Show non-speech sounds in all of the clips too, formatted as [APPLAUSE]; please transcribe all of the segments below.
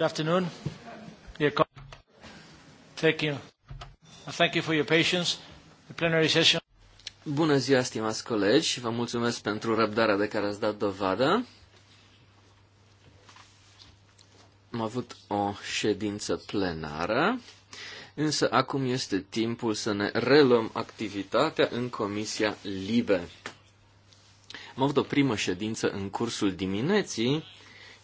Good afternoon. Thank you. Thank you for your patience. The plenary session. Bună ziua, stimați colegi, vă mulțumesc pentru răbdarea de care ați dat dovadă. Am avut o ședință plenară, însă acum este timpul să ne reluăm activitatea în Comisia Libe. Am avut o primă ședință în cursul dimineții,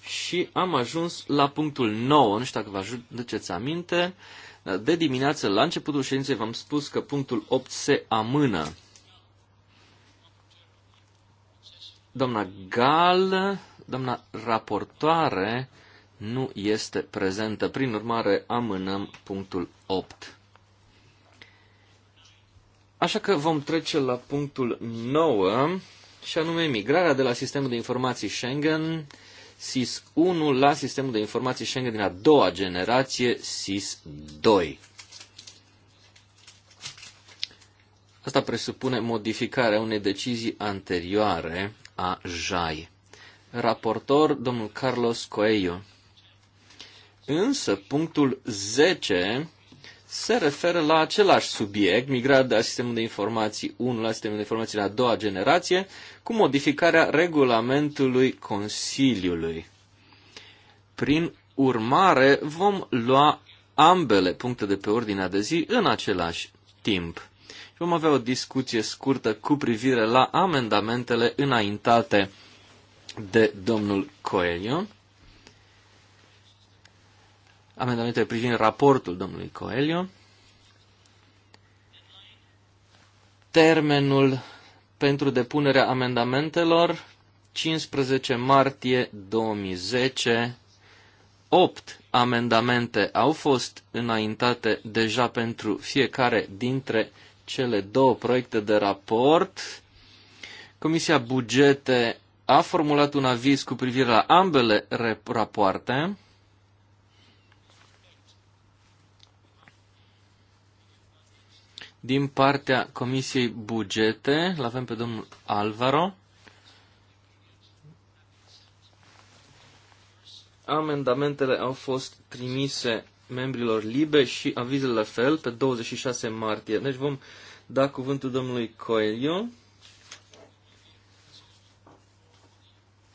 și am ajuns la punctul 9, nu știu dacă vă aduceți aminte, de dimineață, la începutul ședinței, v-am spus că punctul 8 se amână. Doamna Gal, doamna raportoare, nu este prezentă. Prin urmare, amânăm punctul 8. Așa că vom trece la punctul 9, și anume migrarea de la sistemul de informații Schengen SIS-1 la sistemul de informații Schengen din a doua generație, SIS-2. Asta presupune modificarea unei decizii anterioare a JAI. Raportor, domnul Carlos Coelho. Însă, punctul 10 se referă la același subiect, migrarea de la sistemul de informații 1 la sistemul de informații la a doua generație, cu modificarea regulamentului Consiliului. Prin urmare, vom lua ambele puncte de pe ordinea de zi în același timp. Vom avea o discuție scurtă cu privire la amendamentele înaintate de domnul Coelho amendamente privind raportul domnului Coelio. Termenul pentru depunerea amendamentelor 15 martie 2010. 8 amendamente au fost înaintate deja pentru fiecare dintre cele două proiecte de raport. Comisia Bugete a formulat un aviz cu privire la ambele rapoarte. Din partea Comisiei Bugete, l avem pe domnul Alvaro. Amendamentele au fost trimise membrilor libe și avizele la fel pe 26 martie. Deci vom da cuvântul domnului Coelho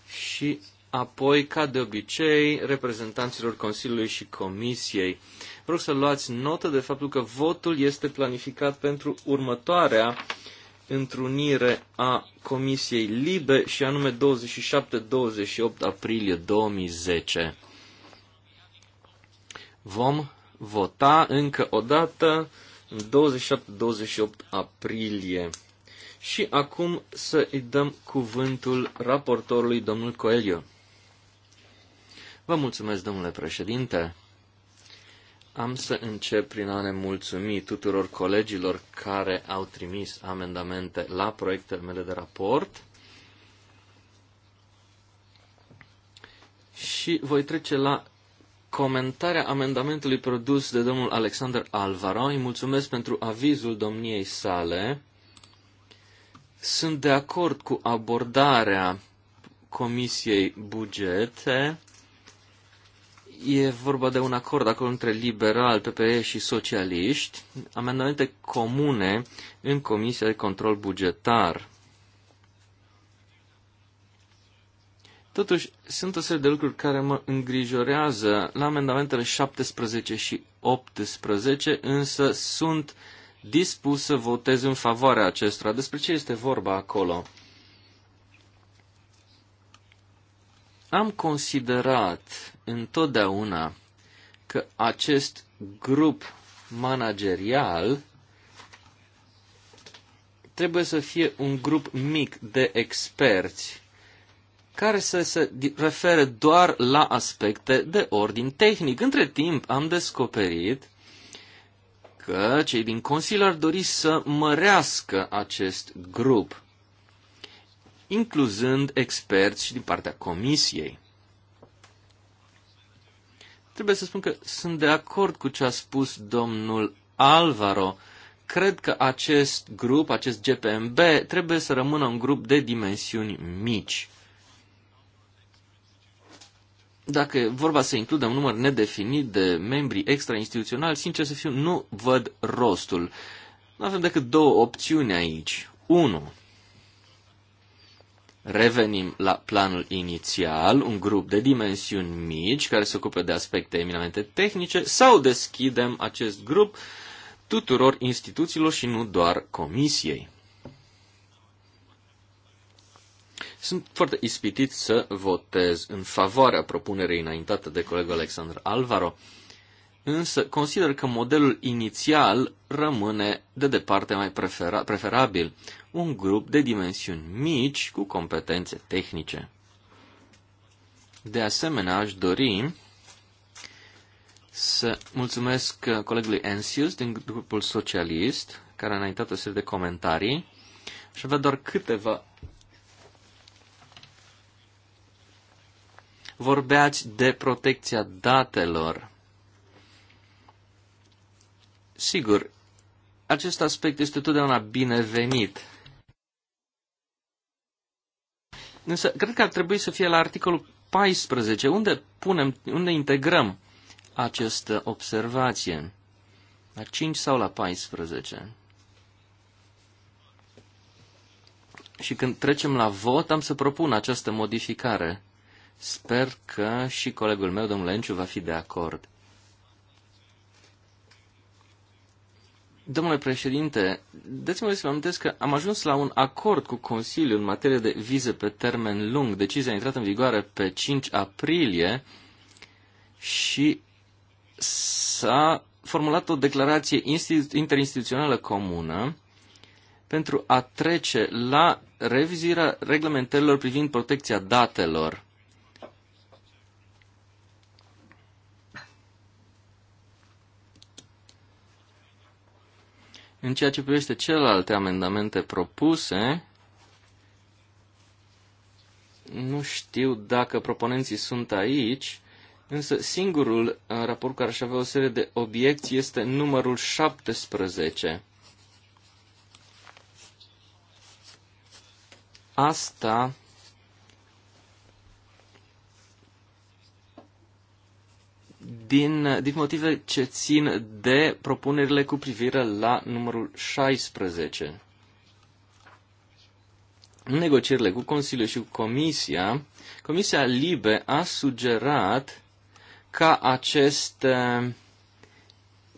și apoi, ca de obicei, reprezentanților Consiliului și Comisiei. Vă rog să luați notă de faptul că votul este planificat pentru următoarea întrunire a Comisiei Libe și anume 27-28 aprilie 2010. Vom vota încă o dată în 27-28 aprilie. Și acum să îi dăm cuvântul raportorului domnul Coelho. Vă mulțumesc, domnule președinte. Am să încep prin a ne mulțumi tuturor colegilor care au trimis amendamente la proiectele mele de raport. Și voi trece la comentarea amendamentului produs de domnul Alexander Alvaro. Îi mulțumesc pentru avizul domniei sale. Sunt de acord cu abordarea Comisiei Bugete E vorba de un acord acolo între liberal, PPE și socialiști, amendamente comune în Comisia de Control Bugetar. Totuși, sunt o serie de lucruri care mă îngrijorează la amendamentele 17 și 18, însă sunt dispus să votez în favoarea acestora. Despre ce este vorba acolo? Am considerat întotdeauna că acest grup managerial trebuie să fie un grup mic de experți care să se refere doar la aspecte de ordin tehnic. Între timp am descoperit că cei din Consiliu ar dori să mărească acest grup, incluzând experți și din partea Comisiei. Trebuie să spun că sunt de acord cu ce a spus domnul Alvaro. Cred că acest grup, acest GPMB, trebuie să rămână un grup de dimensiuni mici. Dacă e vorba să includă un număr nedefinit de membri extrainstituționali, sincer să fiu, nu văd rostul. Nu avem decât două opțiuni aici. 1. Revenim la planul inițial, un grup de dimensiuni mici care se ocupe de aspecte eminamente tehnice sau deschidem acest grup tuturor instituțiilor și nu doar comisiei. Sunt foarte ispitit să votez în favoarea propunerii înaintate de colegul Alexandru Alvaro însă consider că modelul inițial rămâne de departe mai prefera- preferabil, un grup de dimensiuni mici cu competențe tehnice. De asemenea, aș dori să mulțumesc colegului Ensius din grupul socialist, care a înaintat o serie de comentarii. Aș avea doar câteva. Vorbeați de protecția datelor. Sigur, acest aspect este totdeauna binevenit. Însă, cred că ar trebui să fie la articolul 14, unde punem, unde integrăm această observație. La 5 sau la 14. Și când trecem la vot, am să propun această modificare. Sper că și colegul meu, domnul Enciu, va fi de acord. Domnule președinte, dați-mi să vă amintesc că am ajuns la un acord cu Consiliul în materie de vize pe termen lung. Decizia a intrat în vigoare pe 5 aprilie și s-a formulat o declarație interinstituțională comună pentru a trece la revizirea reglementărilor privind protecția datelor În ceea ce privește celelalte amendamente propuse, nu știu dacă proponenții sunt aici, însă singurul uh, raport care aș avea o serie de obiecții este numărul 17. Asta din, din motive ce țin de propunerile cu privire la numărul 16. În negocierile cu Consiliul și cu Comisia, Comisia Libe a sugerat ca aceste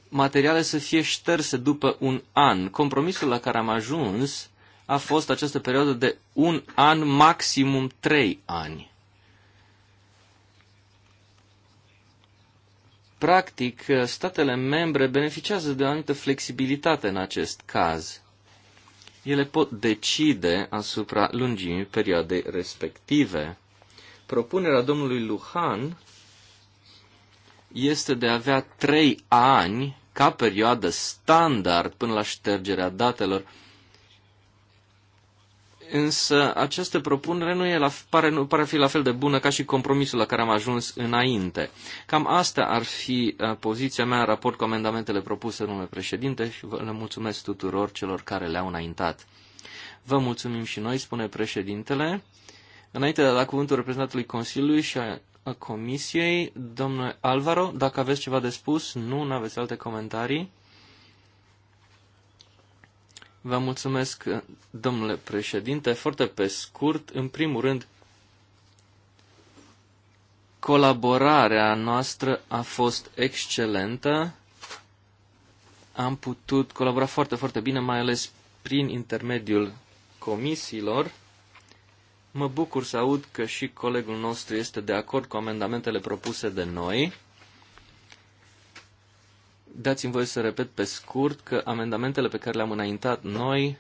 materiale să fie șterse după un an. Compromisul la care am ajuns a fost această perioadă de un an, maximum trei ani. Practic, statele membre beneficiază de o anumită flexibilitate în acest caz. Ele pot decide asupra lungimii perioadei respective. Propunerea domnului Luhan este de a avea trei ani ca perioadă standard până la ștergerea datelor însă această propunere nu, e la, pare, nu pare fi la fel de bună ca și compromisul la care am ajuns înainte. Cam asta ar fi uh, poziția mea în raport cu amendamentele propuse, domnule președinte, și vă le mulțumesc tuturor celor care le-au înaintat. Vă mulțumim și noi, spune președintele. Înainte de a da cuvântul reprezentantului Consiliului și a, Comisiei, domnule Alvaro, dacă aveți ceva de spus, nu aveți alte comentarii. Vă mulțumesc, domnule președinte. Foarte pe scurt, în primul rând, colaborarea noastră a fost excelentă. Am putut colabora foarte, foarte bine, mai ales prin intermediul comisiilor. Mă bucur să aud că și colegul nostru este de acord cu amendamentele propuse de noi. Dați-mi voie să repet pe scurt că amendamentele pe care le-am înaintat noi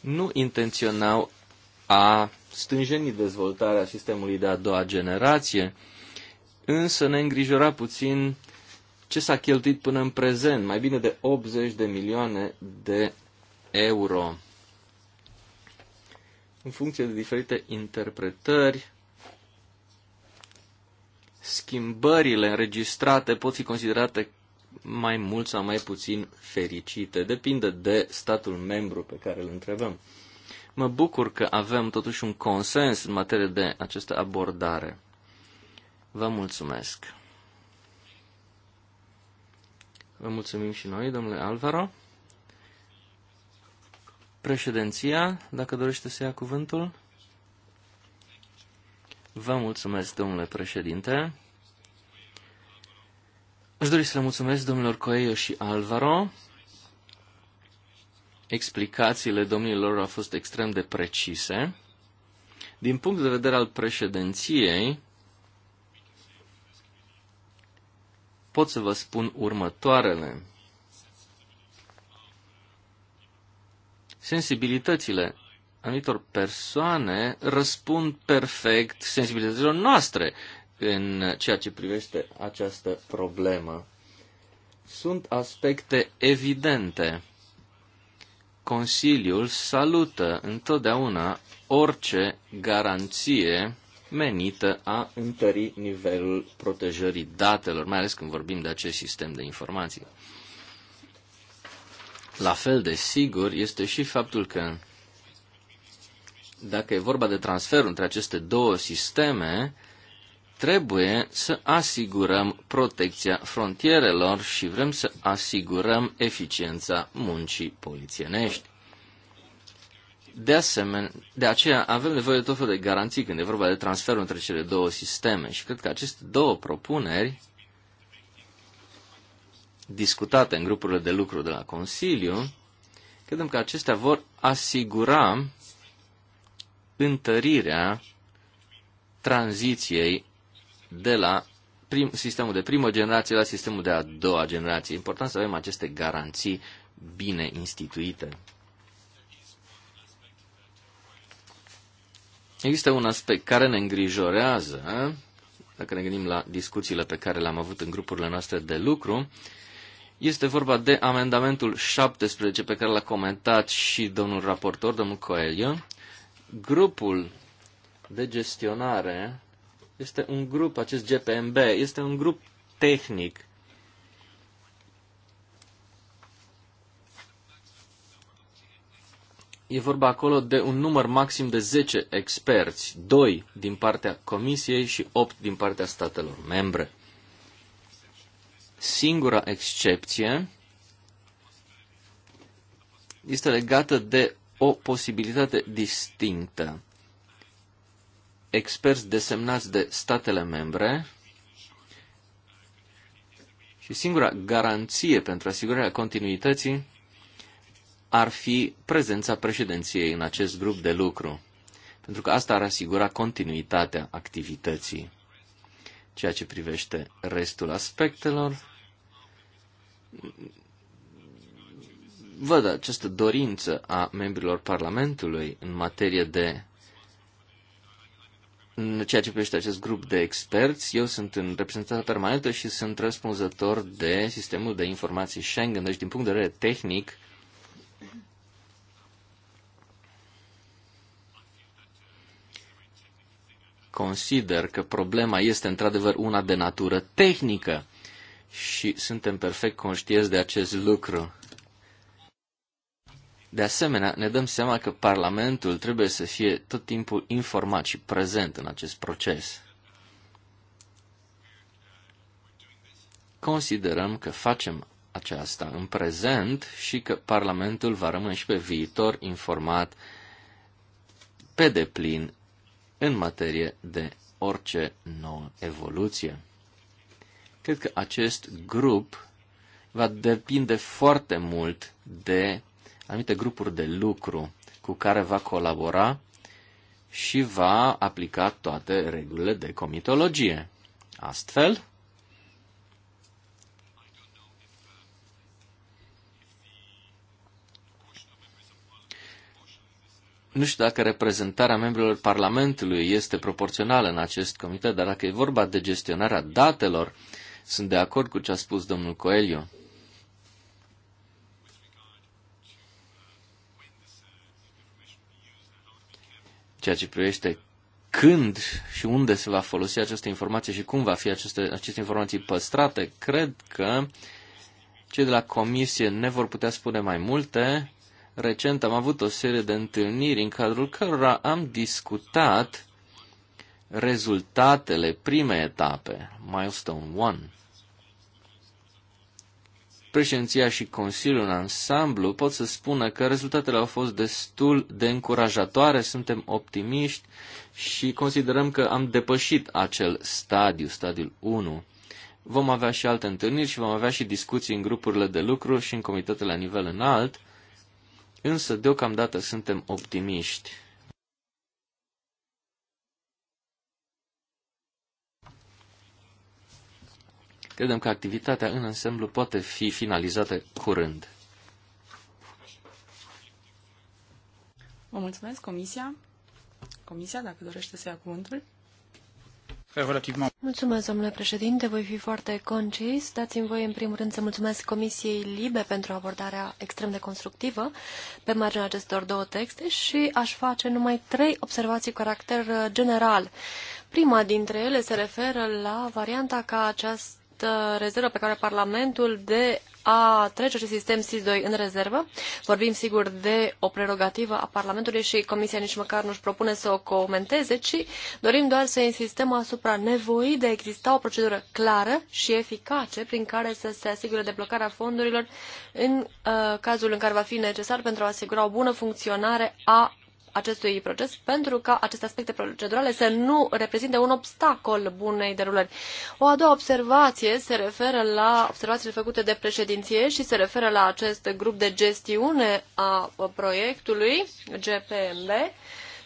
nu intenționau a stânjeni dezvoltarea sistemului de a doua generație, însă ne îngrijora puțin ce s-a cheltuit până în prezent, mai bine de 80 de milioane de euro. În funcție de diferite interpretări, schimbările înregistrate pot fi considerate mai mult sau mai puțin fericite. Depinde de statul membru pe care îl întrebăm. Mă bucur că avem totuși un consens în materie de această abordare. Vă mulțumesc. Vă mulțumim și noi, domnule Alvaro. Președinția, dacă dorește să ia cuvântul. Vă mulțumesc, domnule președinte. Aș dori să le mulțumesc domnilor Coelho și Alvaro. Explicațiile domnilor au fost extrem de precise. Din punct de vedere al președinției, pot să vă spun următoarele. Sensibilitățile anumitor persoane răspund perfect sensibilităților noastre în ceea ce privește această problemă. Sunt aspecte evidente. Consiliul salută întotdeauna orice garanție menită a întări nivelul protejării datelor, mai ales când vorbim de acest sistem de informații. La fel de sigur este și faptul că dacă e vorba de transferul între aceste două sisteme, Trebuie să asigurăm protecția frontierelor și vrem să asigurăm eficiența muncii polițienești. De asemenea, de aceea avem nevoie de tot felul de garanții când e vorba de transferul între cele două sisteme și cred că aceste două propuneri discutate în grupurile de lucru de la Consiliu, credem că acestea vor asigura întărirea tranziției de la prim, sistemul de primă generație la sistemul de a doua generație. Important să avem aceste garanții bine instituite. Există un aspect care ne îngrijorează, dacă ne gândim la discuțiile pe care le-am avut în grupurile noastre de lucru, este vorba de amendamentul 17 pe care l-a comentat și domnul raportor, domnul Coelho. Grupul de gestionare este un grup, acest GPMB, este un grup tehnic. E vorba acolo de un număr maxim de 10 experți, 2 din partea Comisiei și 8 din partea statelor membre. Singura excepție este legată de o posibilitate distinctă experți desemnați de statele membre și singura garanție pentru asigurarea continuității ar fi prezența președinției în acest grup de lucru, pentru că asta ar asigura continuitatea activității. Ceea ce privește restul aspectelor, văd această dorință a membrilor Parlamentului în materie de în ceea ce privește acest grup de experți, eu sunt în reprezentată permanentă și sunt răspunzător de sistemul de informații Schengen. Deci, din punct de vedere tehnic, consider că problema este într-adevăr una de natură tehnică și suntem perfect conștienți de acest lucru. De asemenea, ne dăm seama că Parlamentul trebuie să fie tot timpul informat și prezent în acest proces. Considerăm că facem aceasta în prezent și că Parlamentul va rămâne și pe viitor informat pe deplin în materie de orice nouă evoluție. Cred că acest grup va depinde foarte mult de anumite grupuri de lucru cu care va colabora și va aplica toate regulile de comitologie. Astfel, Nu știu dacă reprezentarea membrilor Parlamentului este proporțională în acest comitet, dar dacă e vorba de gestionarea datelor, sunt de acord cu ce a spus domnul Coelho. ceea ce privește când și unde se va folosi această informație și cum va fi aceste, aceste informații păstrate, cred că cei de la comisie ne vor putea spune mai multe. Recent am avut o serie de întâlniri în cadrul cărora am discutat rezultatele primei etape, Milestone 1 președinția și Consiliul în ansamblu pot să spună că rezultatele au fost destul de încurajatoare, suntem optimiști și considerăm că am depășit acel stadiu, stadiul 1. Vom avea și alte întâlniri și vom avea și discuții în grupurile de lucru și în comitetele la nivel înalt, însă deocamdată suntem optimiști. Credem că activitatea în ansamblu poate fi finalizată curând. Vă mulțumesc, Comisia. Comisia, dacă dorește să ia cuvântul. Mulțumesc, domnule președinte. Voi fi foarte concis. Dați-mi voi, în primul rând, să mulțumesc Comisiei Libe pentru abordarea extrem de constructivă pe marginea acestor două texte și aș face numai trei observații cu caracter general. Prima dintre ele se referă la varianta ca acest Uh, rezervă pe care Parlamentul de a trece acest sistem SIS-2 în rezervă. Vorbim, sigur, de o prerogativă a Parlamentului și Comisia nici măcar nu-și propune să o comenteze, ci dorim doar să insistăm asupra nevoii de a exista o procedură clară și eficace prin care să se asigure deblocarea fondurilor în uh, cazul în care va fi necesar pentru a asigura o bună funcționare a acestui proces pentru ca aceste aspecte procedurale să nu reprezinte un obstacol bunei derulări. O a doua observație se referă la observațiile făcute de președinție și se referă la acest grup de gestiune a proiectului GPMB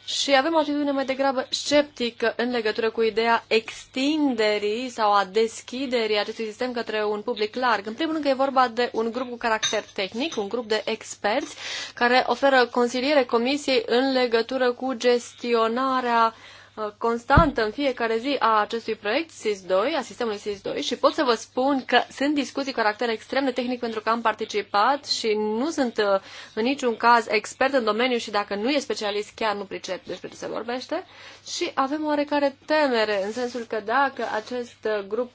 și avem o atitudine mai degrabă sceptică în legătură cu ideea extinderii sau a deschiderii acestui sistem către un public larg. În primul rând că e vorba de un grup cu caracter tehnic, un grup de experți care oferă consiliere comisiei în legătură cu gestionarea uh, Uh, constantă în fiecare zi a acestui proiect SIS-2, a sistemului SIS-2 și pot să vă spun că sunt discuții cu caracter extrem de tehnic pentru că am participat și nu sunt uh, în niciun caz expert în domeniu și dacă nu e specialist chiar nu pricep despre ce se vorbește și avem oarecare temere în sensul că dacă acest uh, grup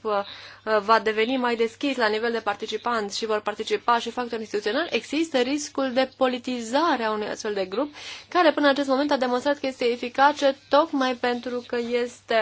va deveni mai deschis la nivel de participanți și vor participa și factori instituționali, există riscul de politizare a unui astfel de grup care până în acest moment a demonstrat că este eficace tocmai pentru pentru că este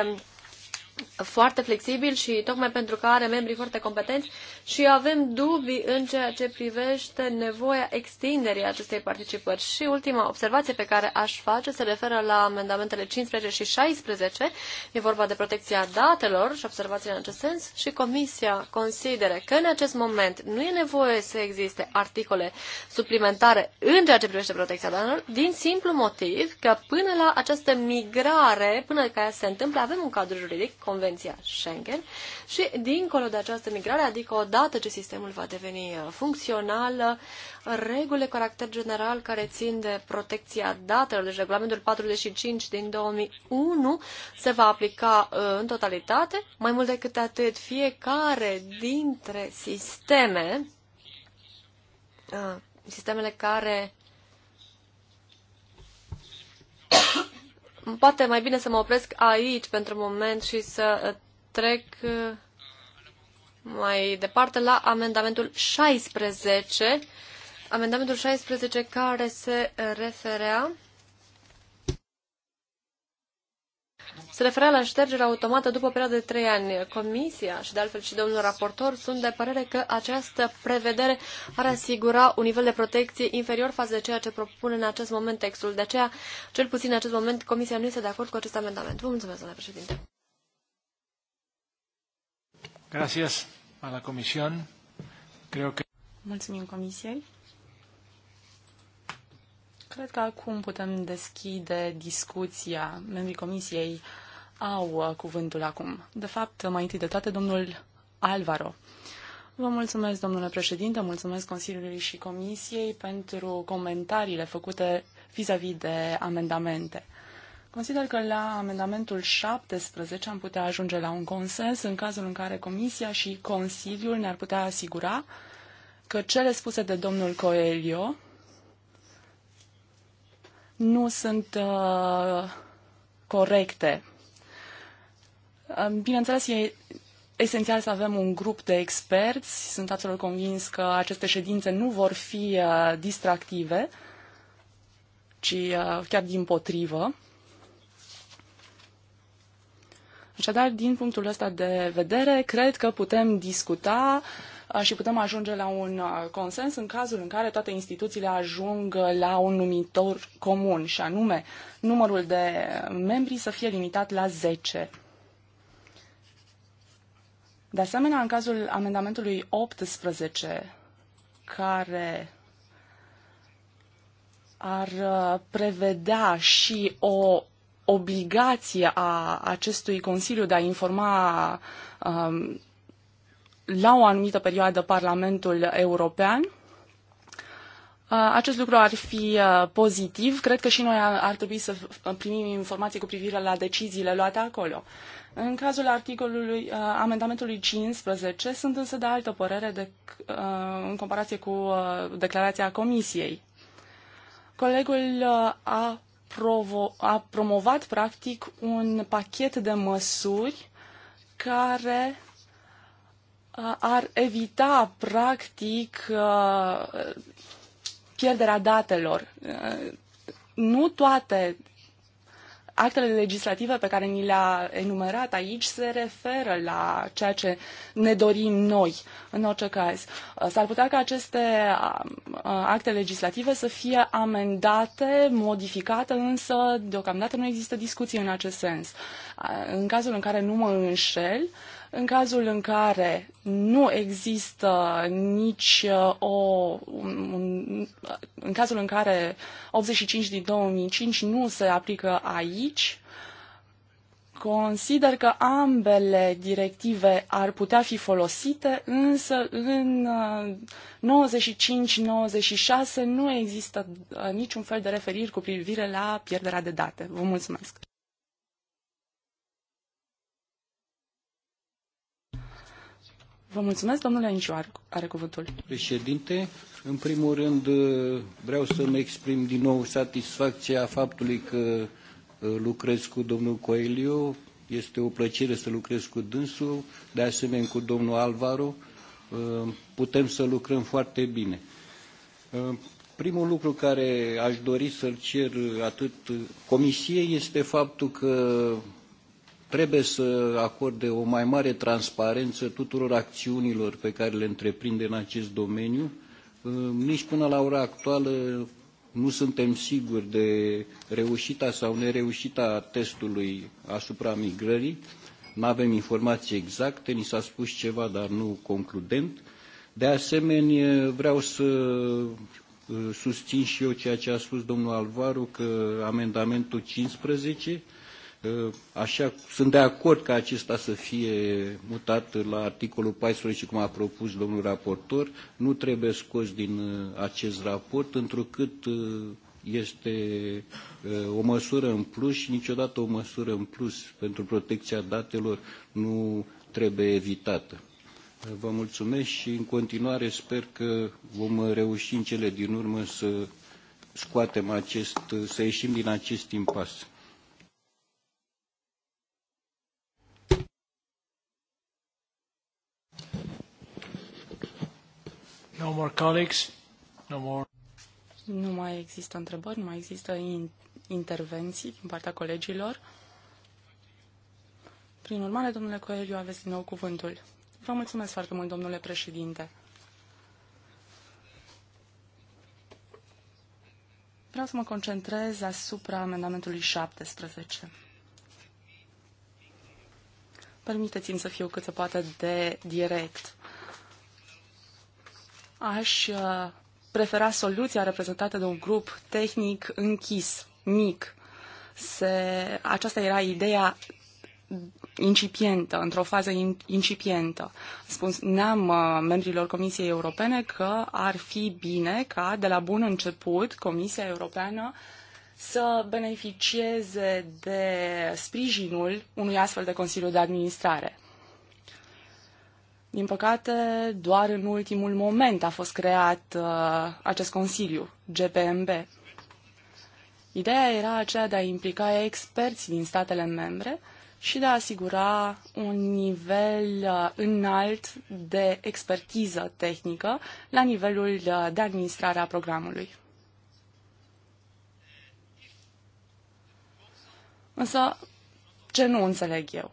foarte flexibil și tocmai pentru că are membrii foarte competenți și avem dubii în ceea ce privește nevoia extinderii acestei participări. Și ultima observație pe care aș face se referă la amendamentele 15 și 16. E vorba de protecția datelor și observațiile în acest sens și Comisia consideră că în acest moment nu e nevoie să existe articole suplimentare în ceea ce privește protecția datelor din simplu motiv că până la această migrare, până ca ea se întâmplă, avem un cadru juridic Convenția Schengen și, dincolo de această migrare, adică odată ce sistemul va deveni uh, funcțional, uh, regulile caracter general care țin de protecția datelor, deci regulamentul 45 din 2001, se va aplica uh, în totalitate. Mai mult decât atât, fiecare dintre sisteme sistemele care Poate mai bine să mă opresc aici pentru moment și să uh, trec uh, mai departe la amendamentul 16. Amendamentul 16 care se referea se referea la ștergerea automată după o perioadă de trei ani. Comisia și de altfel și domnul raportor sunt de părere că această prevedere ar asigura un nivel de protecție inferior față de ceea ce propune în acest moment textul. De aceea, cel puțin în acest moment, Comisia nu este de acord cu acest amendament. Vă mulțumesc, domnule președinte. Gracias a la comisión. Creo que... Mulțumim comisiei. Cred că acum putem deschide discuția. Membrii comisiei au uh, cuvântul acum. De fapt, mai întâi de toate, domnul Alvaro. Vă mulțumesc, domnule președinte, mulțumesc Consiliului și Comisiei pentru comentariile făcute vis-a-vis -vis de amendamente. Consider că la amendamentul 17 am putea ajunge la un consens în cazul în care Comisia și Consiliul ne-ar putea asigura că cele spuse de domnul Coelio nu sunt uh, corecte Bineînțeles, e esențial să avem un grup de experți. Sunt absolut convins că aceste ședințe nu vor fi uh, distractive, ci uh, chiar din potrivă. Așadar, din punctul ăsta de vedere, cred că putem discuta uh, și putem ajunge la un consens în cazul în care toate instituțiile ajung la un numitor comun, și anume numărul de membri să fie limitat la 10. De asemenea, în cazul amendamentului 18, care ar uh, prevedea și o obligație a acestui Consiliu de a informa um, la o anumită perioadă Parlamentul European. Uh, acest lucru ar fi uh, pozitiv. Cred că și noi ar trebui să primim informații cu privire la deciziile luate acolo. În cazul articolului, uh, amendamentului 15, sunt însă de altă părere de, uh, în comparație cu uh, declarația Comisiei. Colegul uh, a, provo- a promovat, practic, un pachet de măsuri care uh, ar evita, practic, uh, pierderea datelor. Uh, nu toate Actele legislative pe care ni le-a enumerat aici se referă la ceea ce ne dorim noi, în orice caz. Uh, s-ar putea ca aceste uh, uh, acte legislative să fie amendate, modificate, însă deocamdată nu există discuții în acest sens. În cazul în care nu mă înșel, în cazul în care nu există nici uh, o... în cazul în care 85 din 2005 nu se aplică aici, consider că ambele directive ar putea fi folosite, însă în 95-96 uh, nu există uh, niciun fel de referiri cu privire la pierderea de date. Vă mulțumesc! Vă mulțumesc, domnule Anciu, are cuvântul. Președinte, în primul rând uh, vreau să-mi exprim din nou satisfacția faptului că uh, lucrez cu domnul Coelho. Este o plăcere să lucrez cu dânsul, de asemenea cu domnul Alvaro. Uh, putem să lucrăm foarte bine. Primul lucru care aș dori să-l cer atât comisiei este faptul că trebuie să acorde o mai mare transparență tuturor acțiunilor pe care le întreprinde în acest domeniu. Nici până la ora actuală nu suntem siguri de reușita sau nereușita testului asupra migrării. Nu avem informații exacte, ni s-a spus ceva, dar nu concludent. De asemenea, vreau să uh, susțin și eu ceea ce a spus domnul Alvaru, că amendamentul 15 Uh, așa, sunt de acord ca acesta să fie mutat la articolul 14, cum a propus domnul raportor. Nu trebuie scos din uh, acest raport, întrucât uh, este o măsură în plus și niciodată o măsură în plus pentru protecția datelor nu trebuie evitată. Vă mulțumesc și în continuare sper că vom reuși în cele din urmă să scoatem acest, să ieșim din acest impas. No more colleagues. No more. Nu mai există întrebări, nu mai există in, intervenții din partea colegilor. Prin urmare, domnule Coeliu, aveți din nou cuvântul. Vă mulțumesc foarte mult, domnule președinte. Vreau să mă concentrez asupra amendamentului 17. Permiteți-mi să fiu cât se poate de direct aș uh, prefera soluția reprezentată de un grup tehnic închis, mic. Se, aceasta era ideea incipientă, într-o fază in, incipientă. Spun, ne-am uh, membrilor Comisiei Europene că ar fi bine ca de la bun început Comisia Europeană să beneficieze de sprijinul unui astfel de Consiliu de Administrare. Din păcate, doar în ultimul moment a fost creat uh, acest consiliu, GPMB. Ideea era aceea de a implica experți din statele membre și de a asigura un nivel uh, înalt de expertiză tehnică la nivelul uh, de administrare a programului. Însă, ce nu înțeleg eu?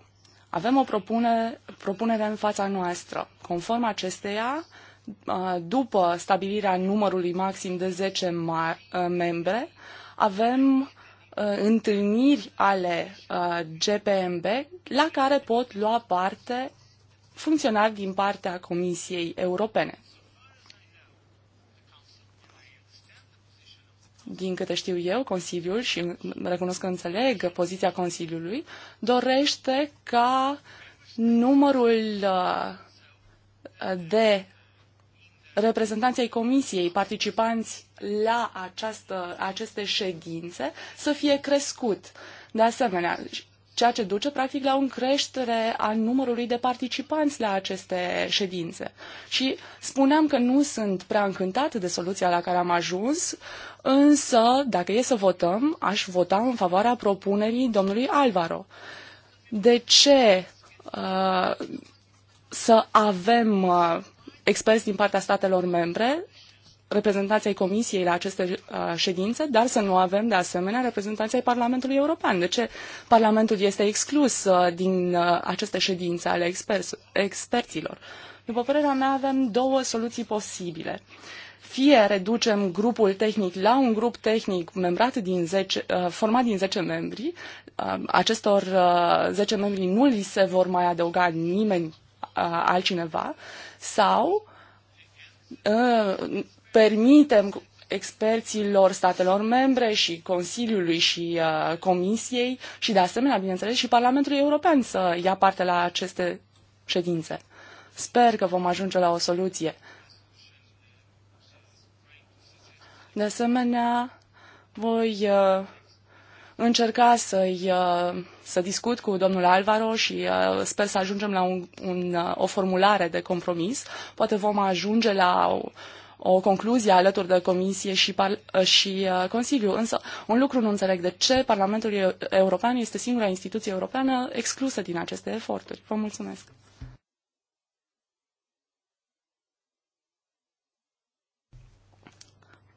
Avem o propunere, propunere în fața noastră. Conform acesteia, după stabilirea numărului maxim de 10 membre, avem întâlniri ale GPMB la care pot lua parte funcționari din partea Comisiei Europene. din câte știu eu, Consiliul, și recunosc că înțeleg poziția Consiliului, dorește ca numărul uh, de reprezentanții ai Comisiei participanți la această, aceste ședințe să fie crescut. De asemenea, ceea ce duce practic la o creștere a numărului de participanți la aceste ședințe. Și spuneam că nu sunt prea încântat de soluția la care am ajuns, însă dacă e să votăm, aș vota în favoarea propunerii domnului Alvaro. De ce uh, să avem uh, experți din partea statelor membre reprezentanții Comisiei la aceste uh, ședințe, dar să nu avem de asemenea reprezentanții Parlamentului European. De ce Parlamentul este exclus uh, din uh, aceste ședințe ale experți, experților? După părerea mea, avem două soluții posibile. Fie reducem grupul tehnic la un grup tehnic membrat din 10, format din 10 membri, acestor 10 membri nu li se vor mai adăuga nimeni altcineva, sau permitem experților statelor membre și Consiliului și uh, Comisiei și de asemenea, bineînțeles, și Parlamentului European să ia parte la aceste ședințe. Sper că vom ajunge la o soluție. De asemenea, voi uh, încerca să-i, uh, să discut cu domnul Alvaro și uh, sper să ajungem la un, un, uh, o formulare de compromis. Poate vom ajunge la o concluzie alături de Comisie și, par- uh, și uh, Consiliu. Însă, un lucru nu înțeleg de ce Parlamentul European este singura instituție europeană exclusă din aceste eforturi. Vă mulțumesc!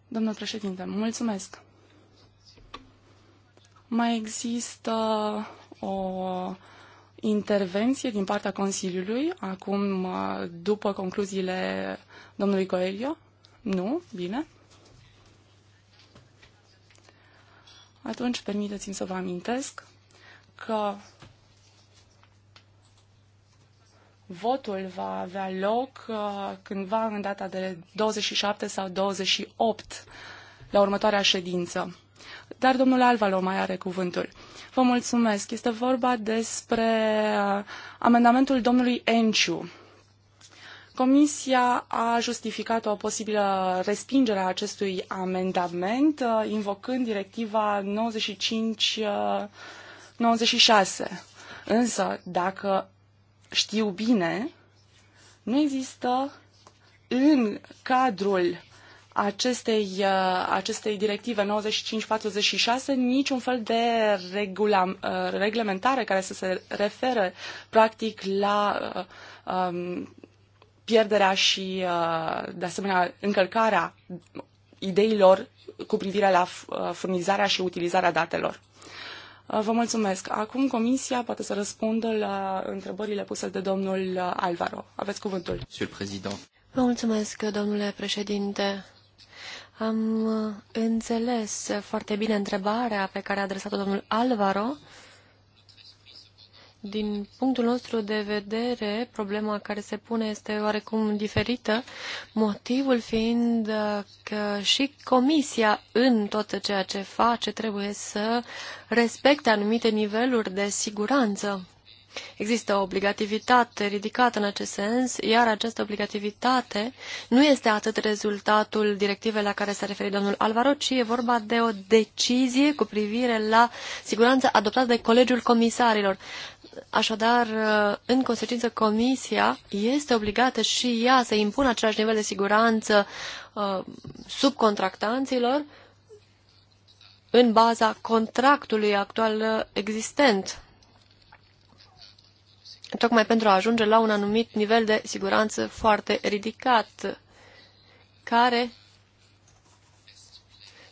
Domnul președinte, mulțumesc. Mai există o intervenție din partea Consiliului, acum uh, după concluziile domnului Coelho. Nu? Bine. Atunci, permiteți-mi să vă amintesc că votul va avea loc uh, cândva în data de 27 sau 28 la următoarea ședință. Dar domnul Alvalo mai are cuvântul. Vă mulțumesc. Este vorba despre uh, amendamentul domnului Enciu. Comisia a justificat o posibilă respingere a acestui amendament, uh, invocând directiva 95-96. Uh, Însă, dacă știu bine, nu există în cadrul acestei, uh, acestei directive 95-46 niciun fel de regula, reglementare care să se referă practic la um, pierderea și, uh, de asemenea, încălcarea ideilor cu privire la uh, furnizarea și utilizarea datelor. Uh, vă mulțumesc. Acum Comisia poate să răspundă la întrebările puse de domnul Alvaro. Aveți cuvântul. Vă mulțumesc, domnule președinte. Am înțeles foarte bine întrebarea pe care a adresat-o domnul Alvaro din punctul nostru de vedere, problema care se pune este oarecum diferită, motivul fiind că și Comisia, în tot ceea ce face, trebuie să respecte anumite niveluri de siguranță. Există o obligativitate ridicată în acest sens, iar această obligativitate nu este atât rezultatul directivei la care s-a referit domnul Alvaro, ci e vorba de o decizie cu privire la siguranță adoptată de Colegiul Comisarilor. Așadar, în consecință, Comisia este obligată și ea să impună același nivel de siguranță uh, subcontractanților în baza contractului actual existent, tocmai pentru a ajunge la un anumit nivel de siguranță foarte ridicat, care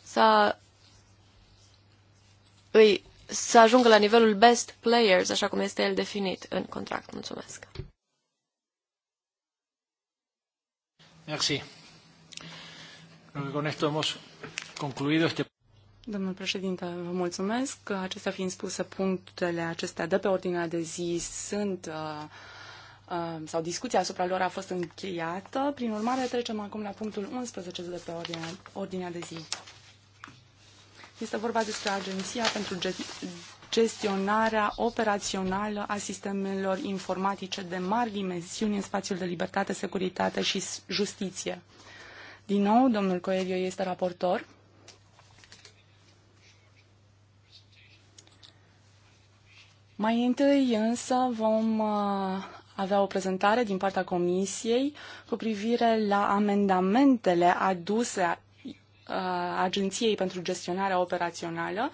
să îi să ajungă la nivelul best players, așa cum este el definit în contract. Mulțumesc. Merci. Creo que con esto hemos concluido este Domnul președinte, vă mulțumesc. Acestea fiind spuse, punctele acestea de pe ordinea de zi sunt uh, uh, sau discuția asupra lor a fost încheiată. Prin urmare, trecem acum la punctul 11 de pe ordinea, ordinea de zi. Este vorba despre Agenția pentru gestionarea operațională a sistemelor informatice de mari dimensiuni în spațiul de libertate, securitate și justiție. Din nou, domnul Coelho este raportor. Mai întâi însă vom uh, avea o prezentare din partea Comisiei cu privire la amendamentele aduse Uh, Agenției pentru Gestionarea Operațională,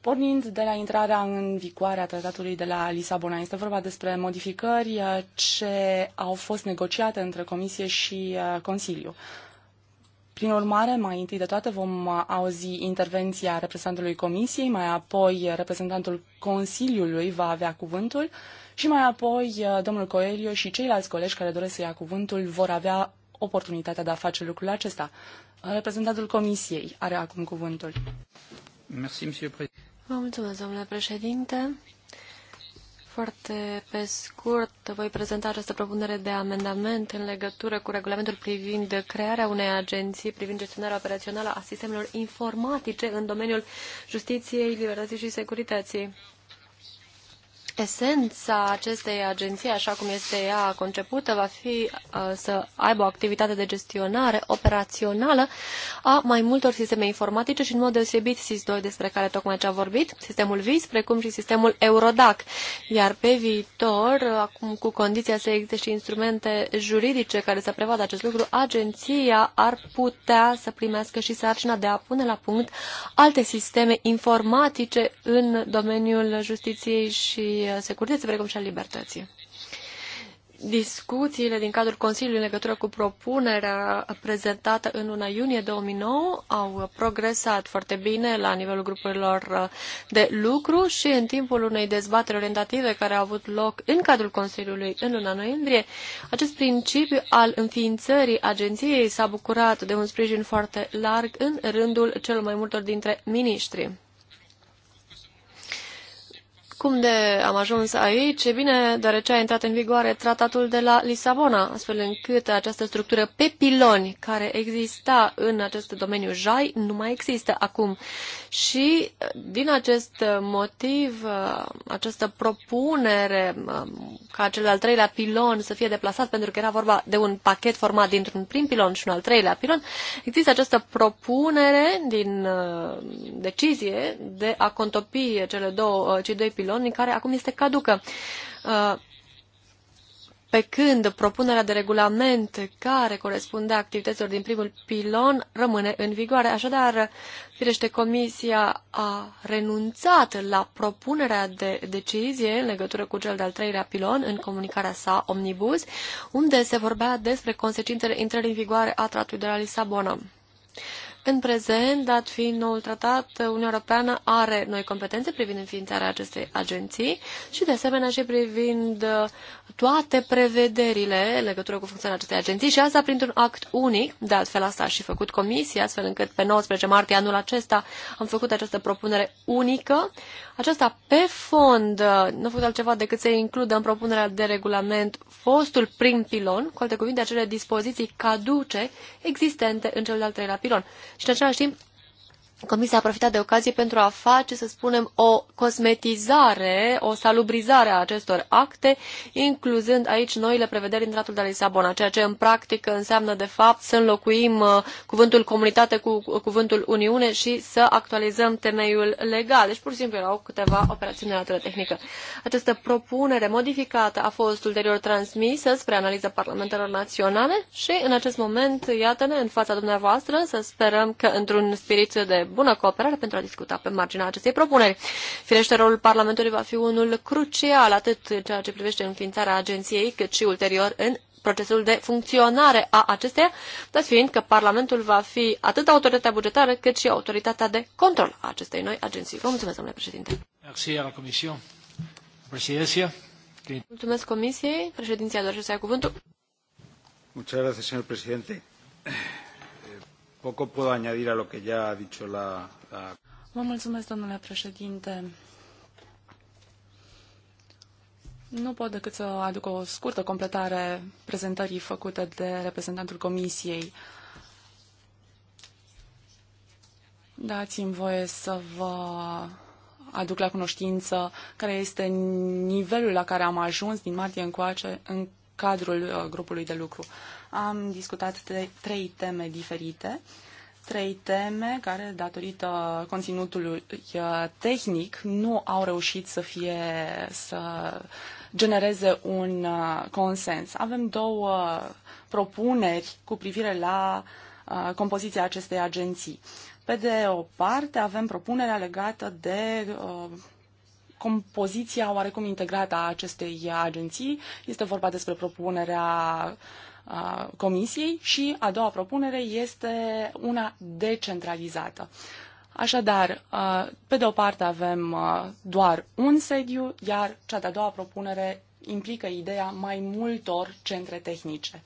pornind de la intrarea în vigoare a tratatului de la Lisabona. Este vorba despre modificări uh, ce au fost negociate între Comisie și uh, Consiliu. Prin urmare, mai întâi de toate vom auzi intervenția reprezentantului Comisiei, mai apoi reprezentantul Consiliului va avea cuvântul și mai apoi domnul Coelio și ceilalți colegi care doresc să ia cuvântul vor avea oportunitatea de a face lucrul acesta. Reprezentantul Comisiei are acum cuvântul. Merci, Vă mulțumesc, domnule președinte. Foarte pe scurt, voi prezenta această propunere de amendament în legătură cu regulamentul privind crearea unei agenții privind gestionarea operațională a sistemelor informatice în domeniul justiției, libertății și securității. Esența acestei agenții, așa cum este ea concepută, va fi uh, să aibă o activitate de gestionare operațională a mai multor sisteme informatice și, în mod deosebit, SIS-2, despre care tocmai ce a vorbit, sistemul VIS, precum și sistemul Eurodac. Iar pe viitor, acum cu condiția să existe și instrumente juridice care să prevadă acest lucru, agenția ar putea să primească și sarcina de a pune la punct alte sisteme informatice în domeniul justiției și securității, precum și a libertății discuțiile din cadrul Consiliului în legătură cu propunerea prezentată în luna iunie 2009 au progresat foarte bine la nivelul grupurilor de lucru și în timpul unei dezbateri orientative care a avut loc în cadrul Consiliului în luna noiembrie, acest principiu al înființării agenției s-a bucurat de un sprijin foarte larg în rândul cel mai multor dintre miniștri. Cum de am ajuns aici? E bine, deoarece a intrat în vigoare tratatul de la Lisabona, astfel încât această structură pe piloni care exista în acest domeniu JAI nu mai există acum. Și din acest motiv, această propunere ca cel al treilea pilon să fie deplasat, pentru că era vorba de un pachet format dintr-un prim pilon și un al treilea pilon, există această propunere din uh, decizie de a contopi cele două, uh, cei doi piloni pilon, care acum este caducă. Uh, pe când propunerea de regulament care corespunde activităților din primul pilon rămâne în vigoare. Așadar, firește, Comisia a renunțat la propunerea de decizie în legătură cu cel de-al treilea pilon în comunicarea sa Omnibus, unde se vorbea despre consecințele intrării în vigoare a tratului de la Lisabona. În prezent, dat fiind noul tratat, Uniunea Europeană are noi competențe privind înființarea acestei agenții și, de asemenea, și privind uh, toate prevederile în legătură cu funcționarea acestei agenții și asta printr-un act unic, de altfel asta a și făcut comisia, astfel încât pe 19 martie anul acesta am făcut această propunere unică aceasta pe fond uh, nu a făcut altceva decât să includă în propunerea de regulament fostul prim pilon, cu alte cuvinte acele dispoziții caduce existente în cel de-al treilea pilon. Și în același timp Comisia a profitat de ocazie pentru a face, să spunem, o cosmetizare, o salubrizare a acestor acte, incluzând aici noile prevederi din tratul de la Lisabona, ceea ce în practică înseamnă, de fapt, să înlocuim uh, cuvântul comunitate cu cuvântul Uniune și să actualizăm temeiul legal. Deci, pur și simplu, erau câteva operațiuni de natură tehnică. Această propunere modificată a fost ulterior transmisă spre analiza parlamentelor naționale și, în acest moment, iată-ne în fața dumneavoastră, să sperăm că, într-un spirit de bună cooperare pentru a discuta pe marginea acestei propuneri. Firește, rolul Parlamentului va fi unul crucial, atât în ceea ce privește înființarea agenției, cât și ulterior în procesul de funcționare a acesteia, dat fiind că Parlamentul va fi atât autoritatea bugetară cât și autoritatea de control a acestei noi agenții. Vă mulțumesc, domnule președinte. Mulțumesc Comisiei. Președinția dorește să ia cuvântul. Mulțumesc, domnule președinte. Poco puedo añadir a lo que ya ha dicho la... la... Vă mulțumesc, domnule președinte. Nu pot decât să aduc o scurtă completare prezentării făcute de reprezentantul Comisiei. Dați-mi voie să vă aduc la cunoștință care este nivelul la care am ajuns din martie încoace în cadrul uh, grupului de lucru. Am discutat trei teme diferite, trei teme care, datorită conținutului uh, tehnic, nu au reușit să fie, să genereze un uh, consens. Avem două propuneri cu privire la compoziția acestei agenții. Pe de o parte, avem propunerea legată de uh, compoziția oarecum integrată a acestei agenții. Este vorba despre propunerea Comisiei și a doua propunere este una decentralizată. Așadar, pe de o parte avem doar un sediu, iar cea de-a doua propunere implică ideea mai multor centre tehnice.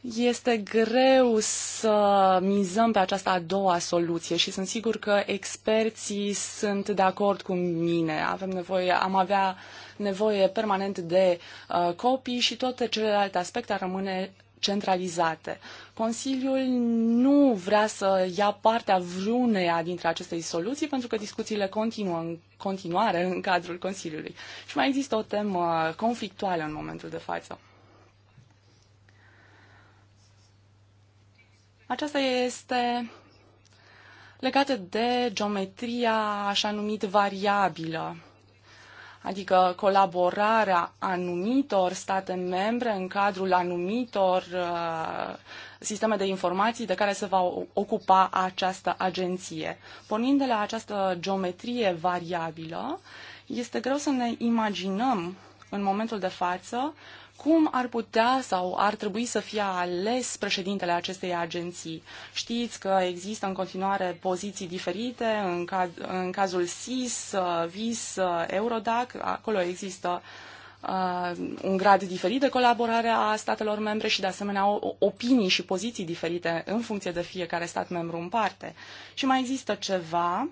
Este greu să mizăm pe această a doua soluție și sunt sigur că experții sunt de acord cu mine. Avem nevoie, am avea nevoie permanent de uh, copii și toate celelalte aspecte ar rămâne centralizate. Consiliul nu vrea să ia partea vreuneia dintre aceste soluții pentru că discuțiile continuă în continuare în cadrul Consiliului. Și mai există o temă conflictuală în momentul de față. Aceasta este legată de geometria așa numit variabilă, adică colaborarea anumitor state membre în cadrul anumitor uh, sisteme de informații de care se va ocupa această agenție. Pornind de la această geometrie variabilă, este greu să ne imaginăm în momentul de față cum ar putea sau ar trebui să fie ales președintele acestei agenții. Știți că există în continuare poziții diferite în, caz, în cazul SIS, VIS, uh, uh, Eurodac, acolo există uh, un grad diferit de colaborare a statelor membre și de asemenea o, opinii și poziții diferite în funcție de fiecare stat membru în parte. Și mai există ceva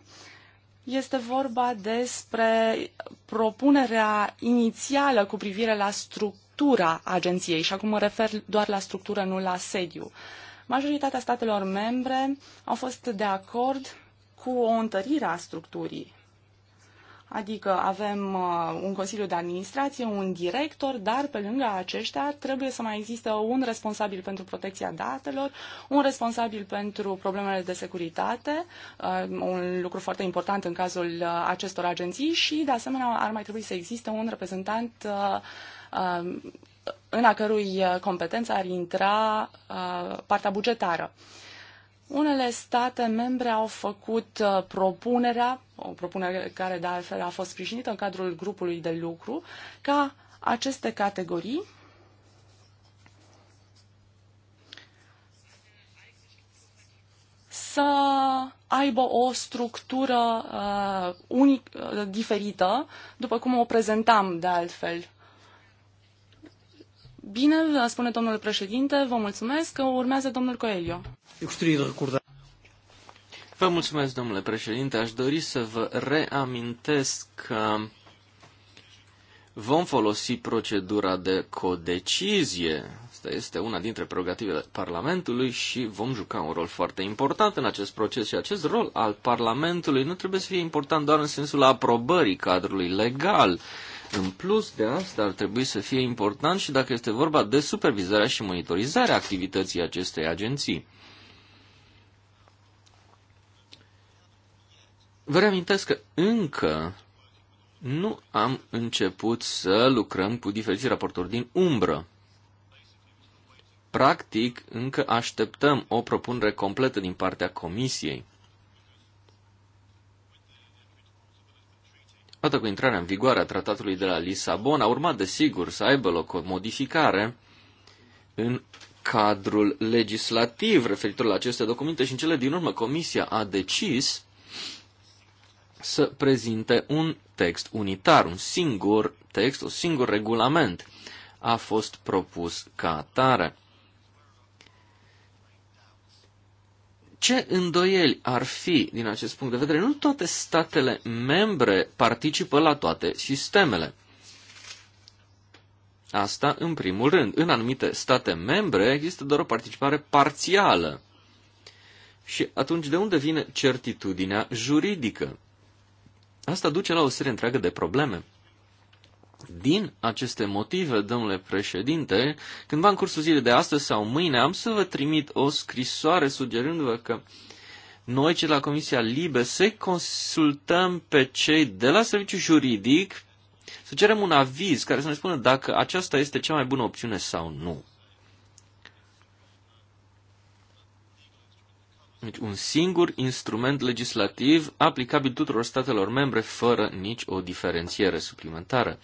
este vorba despre propunerea inițială cu privire la structura structura agenției și acum mă refer doar la structură, nu la sediu. Majoritatea statelor membre au fost de acord cu o întărire a structurii. Adică avem uh, un consiliu de administrație, un director, dar pe lângă aceștia trebuie să mai există un responsabil pentru protecția datelor, un responsabil pentru problemele de securitate, uh, un lucru foarte important în cazul uh, acestor agenții și, de asemenea, ar mai trebui să existe un reprezentant Um, în a cărui uh, competență ar intra uh, partea bugetară. Unele state membre au făcut uh, propunerea, o propunere care de altfel a fost sprijinită în cadrul grupului de lucru, ca aceste categorii să aibă o structură uh, unic, uh, diferită, după cum o prezentam de altfel Bine, spune domnul președinte, vă mulțumesc că urmează domnul Coelio. Vă mulțumesc, domnule președinte. Aș dori să vă reamintesc că vom folosi procedura de codecizie. Asta este una dintre prerogativele Parlamentului și vom juca un rol foarte important în acest proces. Și acest rol al Parlamentului nu trebuie să fie important doar în sensul aprobării cadrului legal, în plus de asta ar trebui să fie important și dacă este vorba de supervizarea și monitorizarea activității acestei agenții. Vă reamintesc că încă nu am început să lucrăm cu diferiți raportori din umbră. Practic, încă așteptăm o propunere completă din partea comisiei. Odată cu intrarea în vigoare a tratatului de la Lisabona, a urmat, desigur, să aibă loc o modificare în cadrul legislativ referitor la aceste documente și în cele din urmă Comisia a decis să prezinte un text unitar, un singur text, un singur regulament a fost propus ca atare. Ce îndoieli ar fi din acest punct de vedere? Nu toate statele membre participă la toate sistemele. Asta în primul rând. În anumite state membre există doar o participare parțială. Și atunci de unde vine certitudinea juridică? Asta duce la o serie întreagă de probleme. Din aceste motive, domnule președinte, cândva în cursul zilei de astăzi sau mâine am să vă trimit o scrisoare sugerându-vă că noi, cei la Comisia Libe, să consultăm pe cei de la serviciu juridic, să cerem un aviz care să ne spună dacă aceasta este cea mai bună opțiune sau nu. Deci un singur instrument legislativ aplicabil tuturor statelor membre fără nici o diferențiere suplimentară.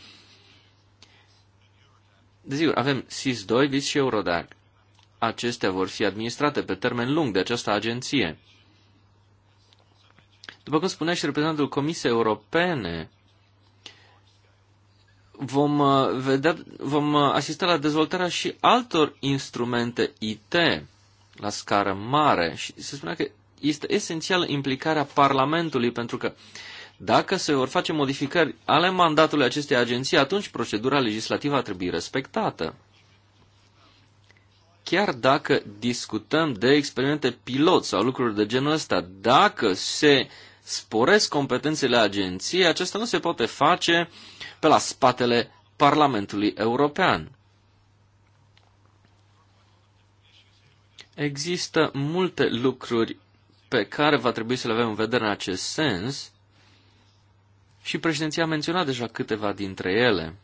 Desigur, avem SIS-2, DIS și Eurodac. Acestea vor fi administrate pe termen lung de această agenție. După cum spunea și reprezentantul Comisiei Europene, vom, uh, vedea, vom uh, asista la dezvoltarea și altor instrumente IT la scară mare și se spunea că este esențială implicarea Parlamentului pentru că dacă se vor face modificări ale mandatului acestei agenții, atunci procedura legislativă va trebui respectată. Chiar dacă discutăm de experimente pilot sau lucruri de genul ăsta, dacă se sporesc competențele agenției, aceasta nu se poate face pe la spatele Parlamentului European. Există multe lucruri pe care va trebui să le avem în vedere în acest sens și președinția a menționat deja câteva dintre ele.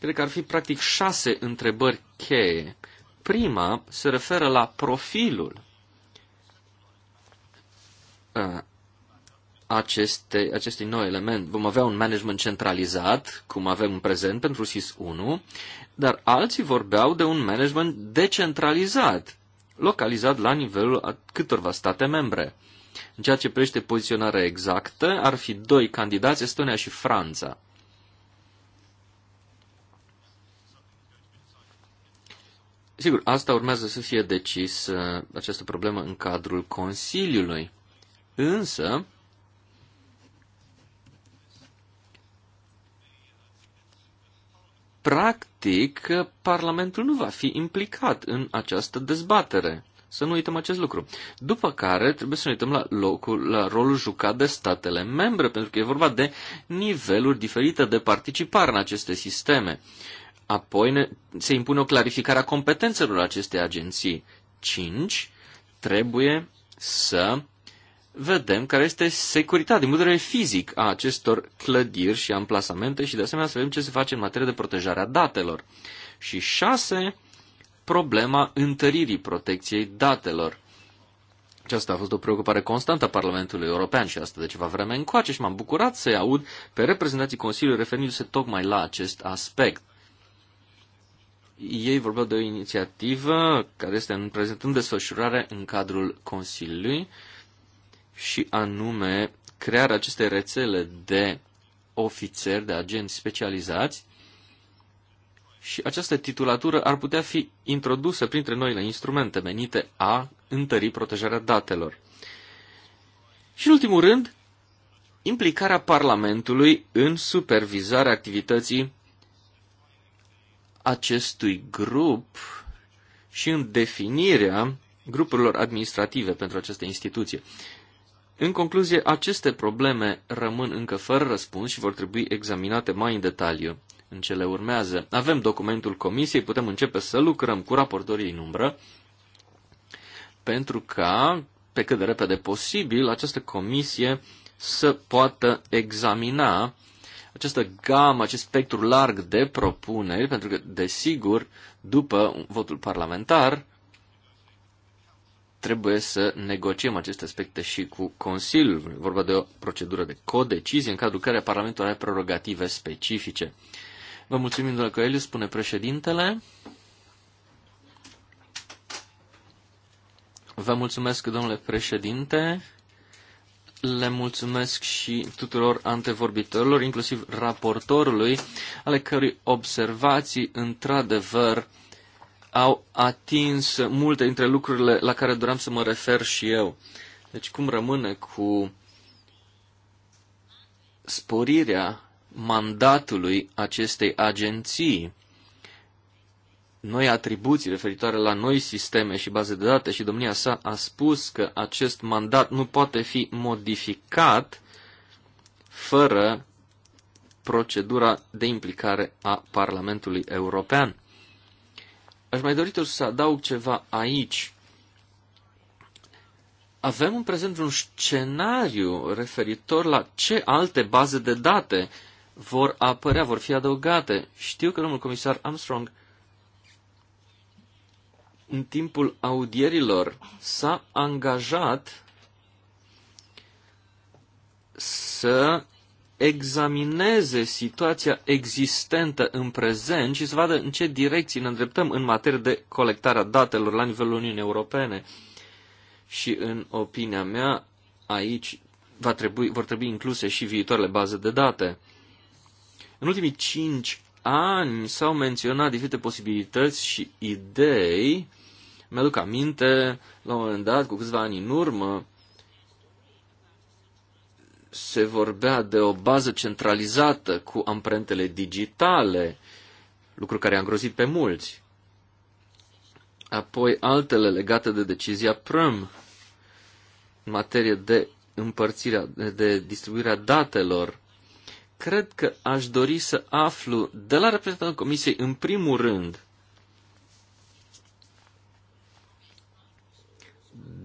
Cred că ar fi practic șase întrebări cheie. Prima se referă la profilul aceste, acestui nou element. Vom avea un management centralizat, cum avem în prezent pentru SIS 1, dar alții vorbeau de un management decentralizat, localizat la nivelul câtorva state membre. În ceea ce privește poziționarea exactă, ar fi doi candidați, Estonia și Franța. Sigur, asta urmează să fie decis uh, această problemă în cadrul Consiliului. Însă, practic, Parlamentul nu va fi implicat în această dezbatere. Să nu uităm acest lucru. După care trebuie să ne uităm la, locul, la rolul jucat de statele membre, pentru că e vorba de niveluri diferite de participare în aceste sisteme. Apoi ne, se impune o clarificare a competențelor acestei agenții. 5. Trebuie să vedem care este securitatea din punct de vedere fizic a acestor clădiri și amplasamente și de asemenea să vedem ce se face în materie de protejare a datelor. Și 6 problema întăririi protecției datelor. Aceasta a fost o preocupare constantă a Parlamentului European și asta de ceva vreme încoace și m-am bucurat să-i aud pe reprezentanții Consiliului referindu-se tocmai la acest aspect. Ei vorbeau de o inițiativă care este în prezent în desfășurare în cadrul Consiliului și anume crearea acestei rețele de ofițeri, de agenți specializați și această titulatură ar putea fi introdusă printre noile instrumente menite a întări protejarea datelor. Și, în ultimul rând, implicarea Parlamentului în supervizarea activității acestui grup și în definirea grupurilor administrative pentru această instituție. În concluzie, aceste probleme rămân încă fără răspuns și vor trebui examinate mai în detaliu în cele urmează. Avem documentul comisiei, putem începe să lucrăm cu raportorii în umbră, pentru ca, pe cât de repede posibil, această comisie să poată examina această gamă, acest spectru larg de propuneri, pentru că, desigur, după votul parlamentar, trebuie să negociem aceste aspecte și cu Consiliul. vorba de o procedură de codecizie în cadrul care Parlamentul are prerogative specifice. Vă mulțumim, domnule Coeliu, spune președintele. Vă mulțumesc, domnule președinte. Le mulțumesc și tuturor antevorbitorilor, inclusiv raportorului, ale cărui observații, într-adevăr, au atins multe dintre lucrurile la care doream să mă refer și eu. Deci cum rămâne cu sporirea mandatului acestei agenții, noi atribuții referitoare la noi sisteme și baze de date și domnia sa a spus că acest mandat nu poate fi modificat fără procedura de implicare a Parlamentului European. Aș mai dori să adaug ceva aici. Avem în prezent un scenariu referitor la ce alte baze de date vor apărea, vor fi adăugate. Știu că domnul comisar Armstrong în timpul audierilor s-a angajat să examineze situația existentă în prezent și să vadă în ce direcții ne îndreptăm în materie de colectarea datelor la nivelul Uniunii Europene. Și în opinia mea, aici va trebui, vor trebui incluse și viitoarele baze de date. În ultimii cinci ani s-au menționat diferite posibilități și idei. Mi-aduc aminte, la un moment dat, cu câțiva ani în urmă, se vorbea de o bază centralizată cu amprentele digitale, lucru care a îngrozit pe mulți. Apoi altele legate de decizia PRM în materie de împărțirea, de distribuirea datelor cred că aș dori să aflu de la reprezentantul Comisiei, în primul rând,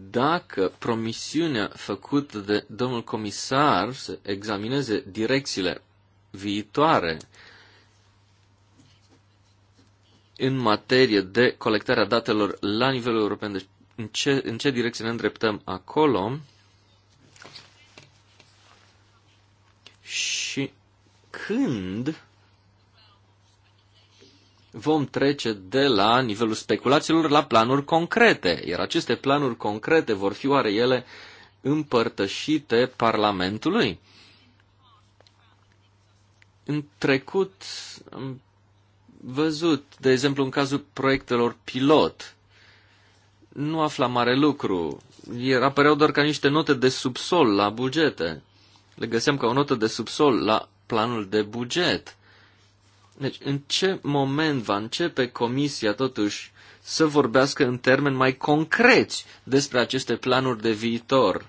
dacă promisiunea făcută de domnul comisar să examineze direcțiile viitoare în materie de colectarea datelor la nivelul european, deci în ce, în ce direcție ne îndreptăm acolo, și când vom trece de la nivelul speculațiilor la planuri concrete. Iar aceste planuri concrete vor fi oare ele împărtășite Parlamentului? În trecut am văzut, de exemplu, în cazul proiectelor pilot, nu afla mare lucru. Era, apăreau doar ca niște note de subsol la bugete. Le găseam ca o notă de subsol la planul de buget. Deci, în ce moment va începe Comisia, totuși, să vorbească în termeni mai concreți despre aceste planuri de viitor?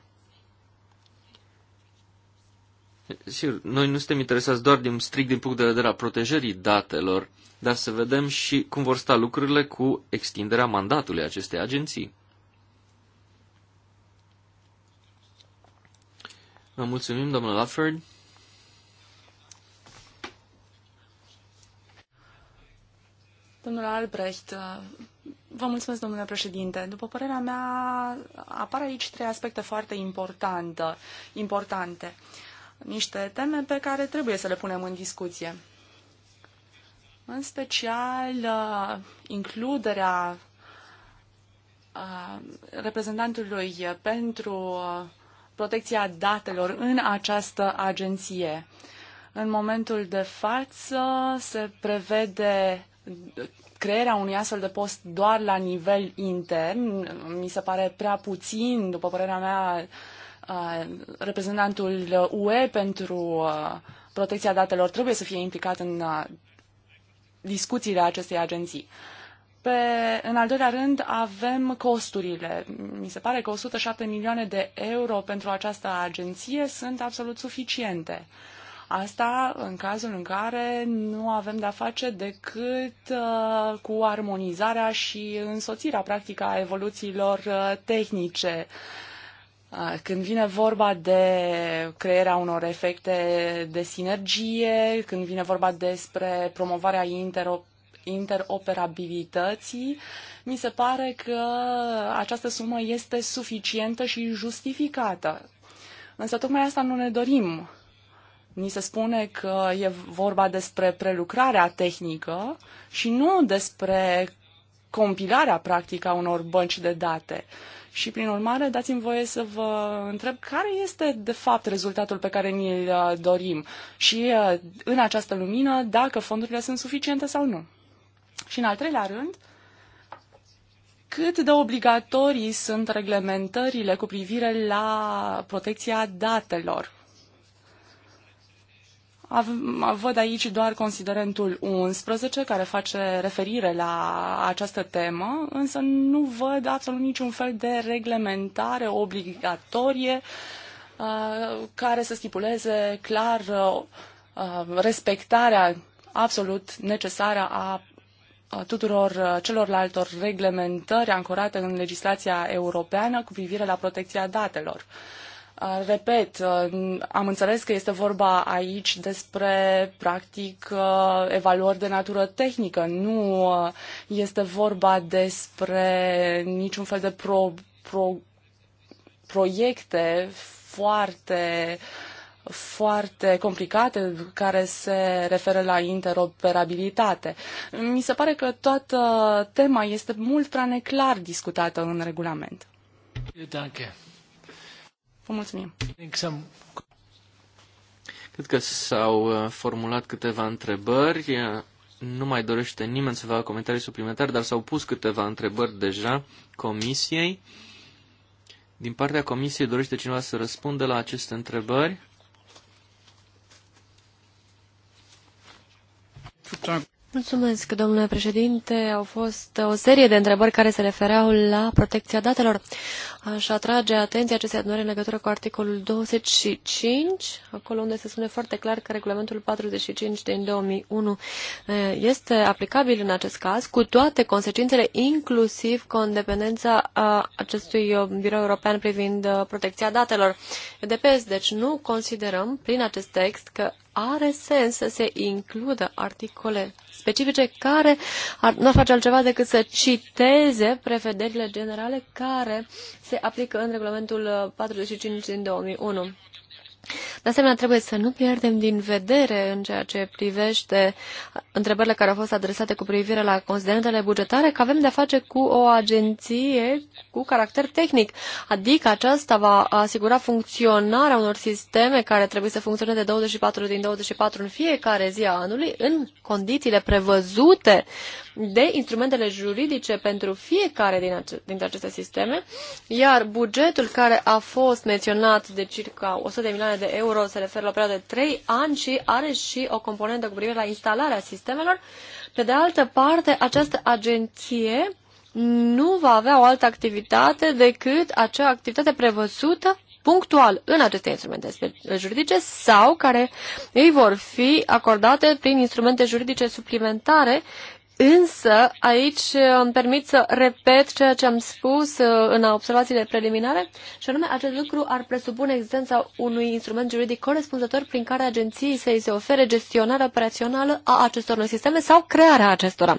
Sigur, noi nu suntem interesați doar din strict din punct de vedere a protejării datelor, dar să vedem și cum vor sta lucrurile cu extinderea mandatului acestei agenții. Vă mulțumim, domnul Lafford. Domnule Albrecht, vă mulțumesc, domnule președinte. După părerea mea, apar aici trei aspecte foarte importante, importante. Niște teme pe care trebuie să le punem în discuție. În special, uh, includerea uh, reprezentantului pentru uh, protecția datelor în această agenție. În momentul de față se prevede crearea unui astfel de post doar la nivel intern mi se pare prea puțin, după părerea mea, reprezentantul UE pentru protecția datelor trebuie să fie implicat în discuțiile acestei agenții. Pe, în al doilea rând, avem costurile. Mi se pare că 107 milioane de euro pentru această agenție sunt absolut suficiente. Uh, Asta în cazul în care nu avem de-a face decât uh, cu armonizarea și însoțirea practică a evoluțiilor uh, tehnice. Uh, când vine vorba de crearea unor efecte de sinergie, când vine vorba despre promovarea interop interoperabilității, mi se pare că această sumă este suficientă și justificată. Însă tocmai asta nu ne dorim Ni se spune că e vorba despre prelucrarea tehnică și nu despre compilarea practică a unor bănci de date. Și, prin urmare, dați-mi voie să vă întreb care este, de fapt, rezultatul pe care ni-l uh, dorim și, uh, în această lumină, dacă fondurile sunt suficiente sau nu. Și, în al treilea rând, cât de obligatorii sunt reglementările cu privire la protecția datelor Văd aici doar considerentul 11 care face referire la această temă, însă nu văd absolut niciun fel de reglementare obligatorie uh, care să stipuleze clar uh, uh, respectarea absolut necesară a tuturor celorlaltor reglementări ancorate în legislația europeană cu privire la protecția datelor. Uh, Uh, repet, uh, am înțeles că este vorba aici despre, practic, uh, evaluări de natură tehnică. Nu este vorba despre niciun fel de pro, pro, proiecte foarte foarte complicate care se referă la interoperabilitate. Mi se pare că toată tema este mult prea neclar discutată în regulament. Danke. Vă mulțumim. Cred că s-au uh, formulat câteva întrebări. Nu mai dorește nimeni să facă comentarii suplimentare, dar s-au pus câteva întrebări deja comisiei. Din partea comisiei dorește cineva să răspundă la aceste întrebări? Mulțumesc, domnule președinte. Au fost o serie de întrebări care se refereau la protecția datelor. Aș atrage atenția acestei adunări în legătură cu articolul 25, acolo unde se spune foarte clar că regulamentul 45 din 2001 este aplicabil în acest caz, cu toate consecințele, inclusiv cu independența acestui uh, birou european privind uh, protecția datelor. De EDPS, deci nu considerăm prin acest text că are sens să se includă articole specifice care ar, nu ar face altceva decât să citeze prevederile generale care se aplică în regulamentul 45 uh, din 2001. De asemenea, trebuie să nu pierdem din vedere în ceea ce privește întrebările care au fost adresate cu privire la considerentele bugetare, că avem de-a face cu o agenție cu caracter tehnic, adică aceasta va asigura funcționarea unor sisteme care trebuie să funcționeze 24 din 24 în fiecare zi a anului, în condițiile prevăzute de instrumentele juridice pentru fiecare din ace- dintre aceste sisteme, iar bugetul care a fost menționat de circa 100 de milioane de euro se referă la o perioadă de 3 ani și are și o componentă cu privire la instalarea sistemelor sistemelor. Pe de altă parte, această agenție nu va avea o altă activitate decât acea activitate prevăzută punctual în aceste instrumente juridice sau care ei vor fi acordate prin instrumente juridice suplimentare Însă, aici uh, îmi permit să repet ceea ce am spus uh, în observațiile preliminare, și anume, acest lucru ar presupune existența unui instrument juridic corespunzător prin care agenției să îi se ofere gestionarea operațională a acestor noi sisteme sau crearea acestora.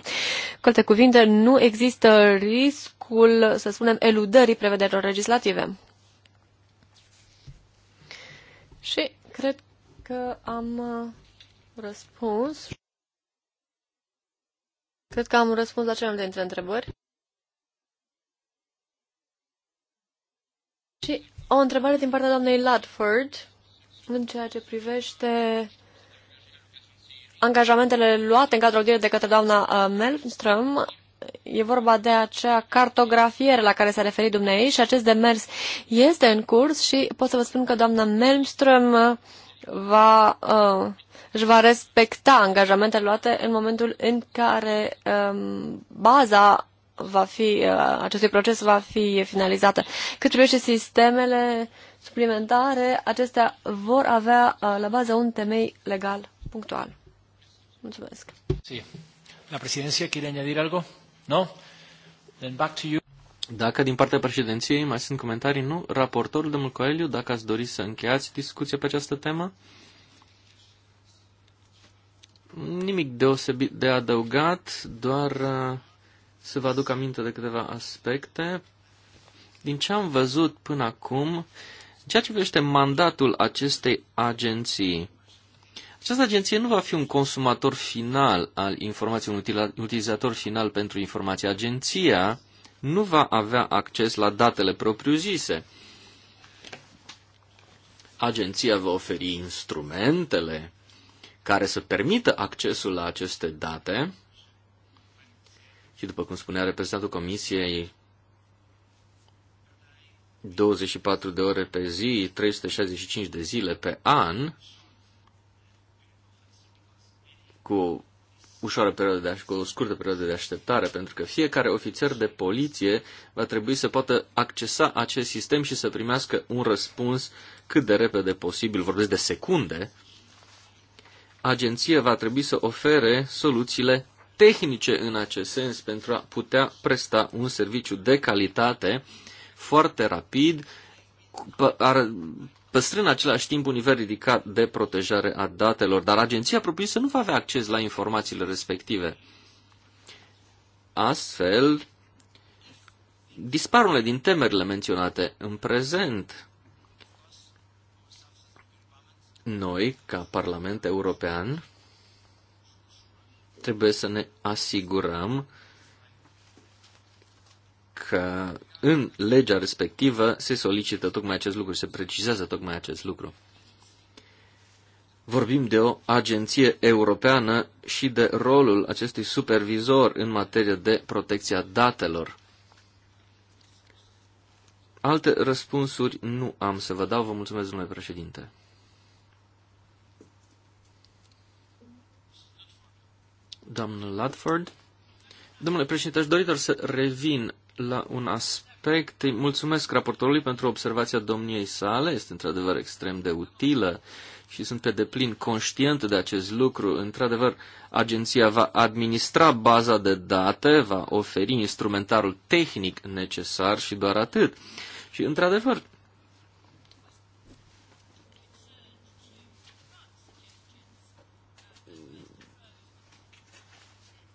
Cu alte cuvinte, nu există riscul, să spunem, eludării prevederilor legislative. Și cred că am uh, răspuns. Cred că am răspuns la cele dintre întrebări. Și o întrebare din partea doamnei Ludford în ceea ce privește angajamentele luate în cadrul audierii de către doamna uh, Melström. E vorba de acea cartografiere la care s-a referit dumneai și acest demers este în curs și pot să vă spun că doamna Melström uh, va uh, își va respecta angajamentele luate în momentul în care um, baza va fi, uh, acestui proces va fi finalizată. Cât privește sistemele suplimentare, acestea vor avea uh, la bază un temei legal punctual. Mulțumesc. Sí. La presidenție, quiere añadir algo? No? Then back to you. Dacă din partea președinției mai sunt comentarii, nu? Raportorul, domnul Mulcoeliu, dacă ați dori să încheiați discuția pe această temă? Nimic deosebit de adăugat, doar uh, să vă aduc aminte de câteva aspecte. Din ce am văzut până acum, ceea ce privește mandatul acestei agenții, această agenție nu va fi un consumator final al informației, un utilizator final pentru informații. Agenția nu va avea acces la datele propriu-zise. Agenția va oferi instrumentele care să permită accesul la aceste date și, după cum spunea reprezentantul Comisiei, 24 de ore pe zi, 365 de zile pe an, cu o ușoară perioadă de, cu o scurtă perioadă de așteptare, pentru că fiecare ofițer de poliție va trebui să poată accesa acest sistem și să primească un răspuns cât de repede posibil, vorbesc de secunde, agenția va trebui să ofere soluțiile tehnice în acest sens pentru a putea presta un serviciu de calitate foarte rapid, păstrând în același timp un nivel ridicat de protejare a datelor, dar agenția propriu-zisă nu va avea acces la informațiile respective. Astfel, dispar unele din temerile menționate în prezent. Noi, ca Parlament European, trebuie să ne asigurăm că în legea respectivă se solicită tocmai acest lucru, se precizează tocmai acest lucru. Vorbim de o agenție europeană și de rolul acestui supervizor în materie de protecția datelor. Alte răspunsuri nu am să vă dau. Vă mulțumesc, domnule președinte. domnul Ladford. Domnule președinte, aș dori doar să revin la un aspect. Îi mulțumesc raportorului pentru observația domniei sale, este într-adevăr extrem de utilă și sunt pe deplin conștient de acest lucru. Într-adevăr, agenția va administra baza de date, va oferi instrumentarul tehnic necesar și doar atât. Și, într-adevăr,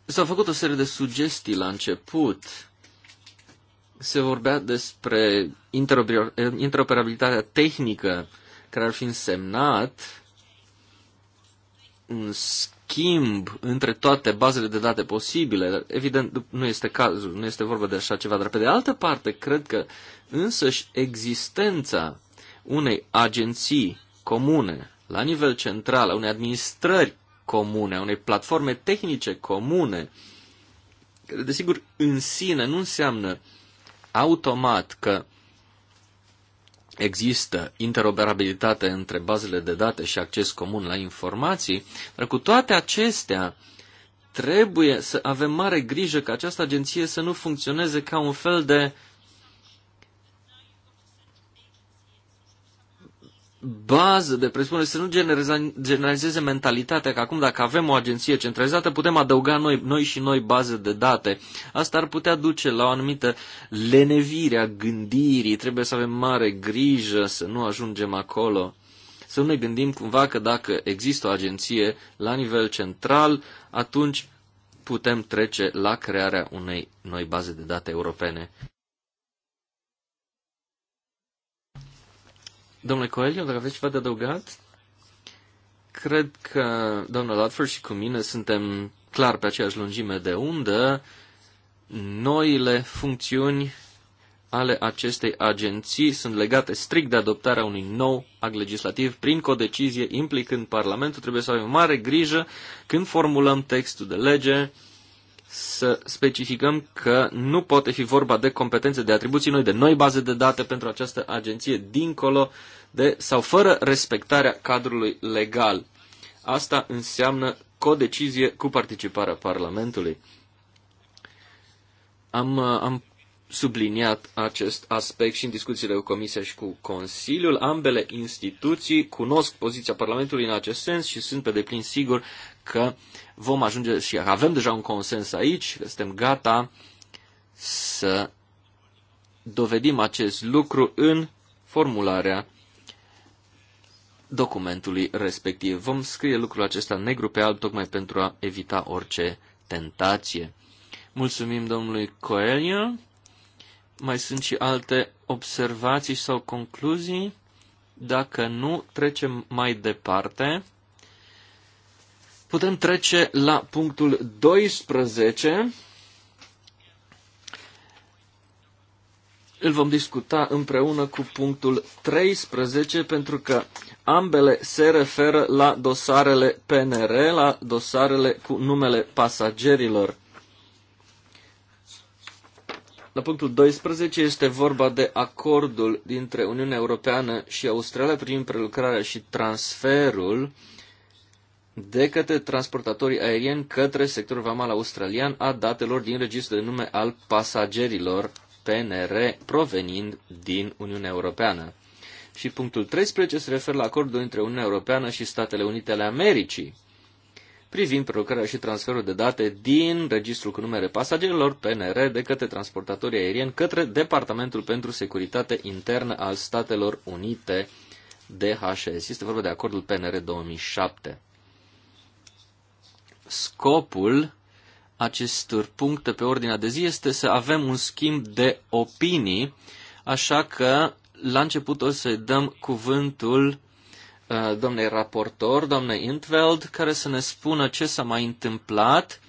S-au făcut o serie de sugestii la început. Se vorbea despre interoperabilitatea tehnică care ar fi însemnat un schimb între toate bazele de date posibile, evident nu este cazul, nu este vorba de așa ceva, dar pe de altă parte cred că însăși existența unei agenții comune la nivel central, a unei administrări comune, a unei platforme tehnice comune, care desigur în sine nu înseamnă automat că există interoperabilitate între bazele de date și acces comun la informații, dar cu toate acestea trebuie să avem mare grijă ca această agenție să nu funcționeze ca un fel de bază de presupunere, să nu generalizeze mentalitatea că acum dacă avem o agenție centralizată putem adăuga noi, noi și noi baze de date. Asta ar putea duce la o anumită lenevire a gândirii, trebuie să avem mare grijă să nu ajungem acolo. Să nu ne gândim cumva că dacă există o agenție la nivel central, atunci putem trece la crearea unei noi baze de date europene. Domnule Coelho, dacă aveți ceva de adăugat? Cred că doamna Latford și cu mine suntem clar pe aceeași lungime de undă. Noile funcțiuni ale acestei agenții sunt legate strict de adoptarea unui nou act legislativ prin codecizie implicând Parlamentul. Trebuie să avem mare grijă când formulăm textul de lege să specificăm că nu poate fi vorba de competențe, de atribuții noi, de noi baze de date pentru această agenție, dincolo de sau fără respectarea cadrului legal. Asta înseamnă codecizie cu participarea Parlamentului. Am, am subliniat acest aspect și în discuțiile cu Comisia și cu Consiliul. Ambele instituții cunosc poziția Parlamentului în acest sens și sunt pe deplin sigur că vom ajunge și avem deja un consens aici, că suntem gata să dovedim acest lucru în formularea documentului respectiv. Vom scrie lucrul acesta negru pe alb tocmai pentru a evita orice tentație. Mulțumim domnului Coelho. Mai sunt și alte observații sau concluzii? Dacă nu, trecem mai departe Putem trece la punctul 12. Îl vom discuta împreună cu punctul 13 pentru că ambele se referă la dosarele PNR, la dosarele cu numele pasagerilor. La punctul 12 este vorba de acordul dintre Uniunea Europeană și Australia prin prelucrarea și transferul uh, de către transportatorii aerieni către sectorul vamal australian a datelor din registrul de nume al pasagerilor PNR provenind din Uniunea Europeană. Și punctul 13 se referă la acordul între Uniunea Europeană și Statele Unite ale Americii privind prelucrarea și transferul de date din registrul cu numere pasagerilor PNR de către transportatorii aerieni către Departamentul pentru Securitate Internă al Statelor Unite DHS. Este vorba de acordul PNR 2007 scopul acestor puncte pe ordinea de zi este să avem un schimb de opinii, așa că la început o să-i dăm cuvântul uh, domnei raportor, doamnei Intveld, care să ne spună ce s-a mai întâmplat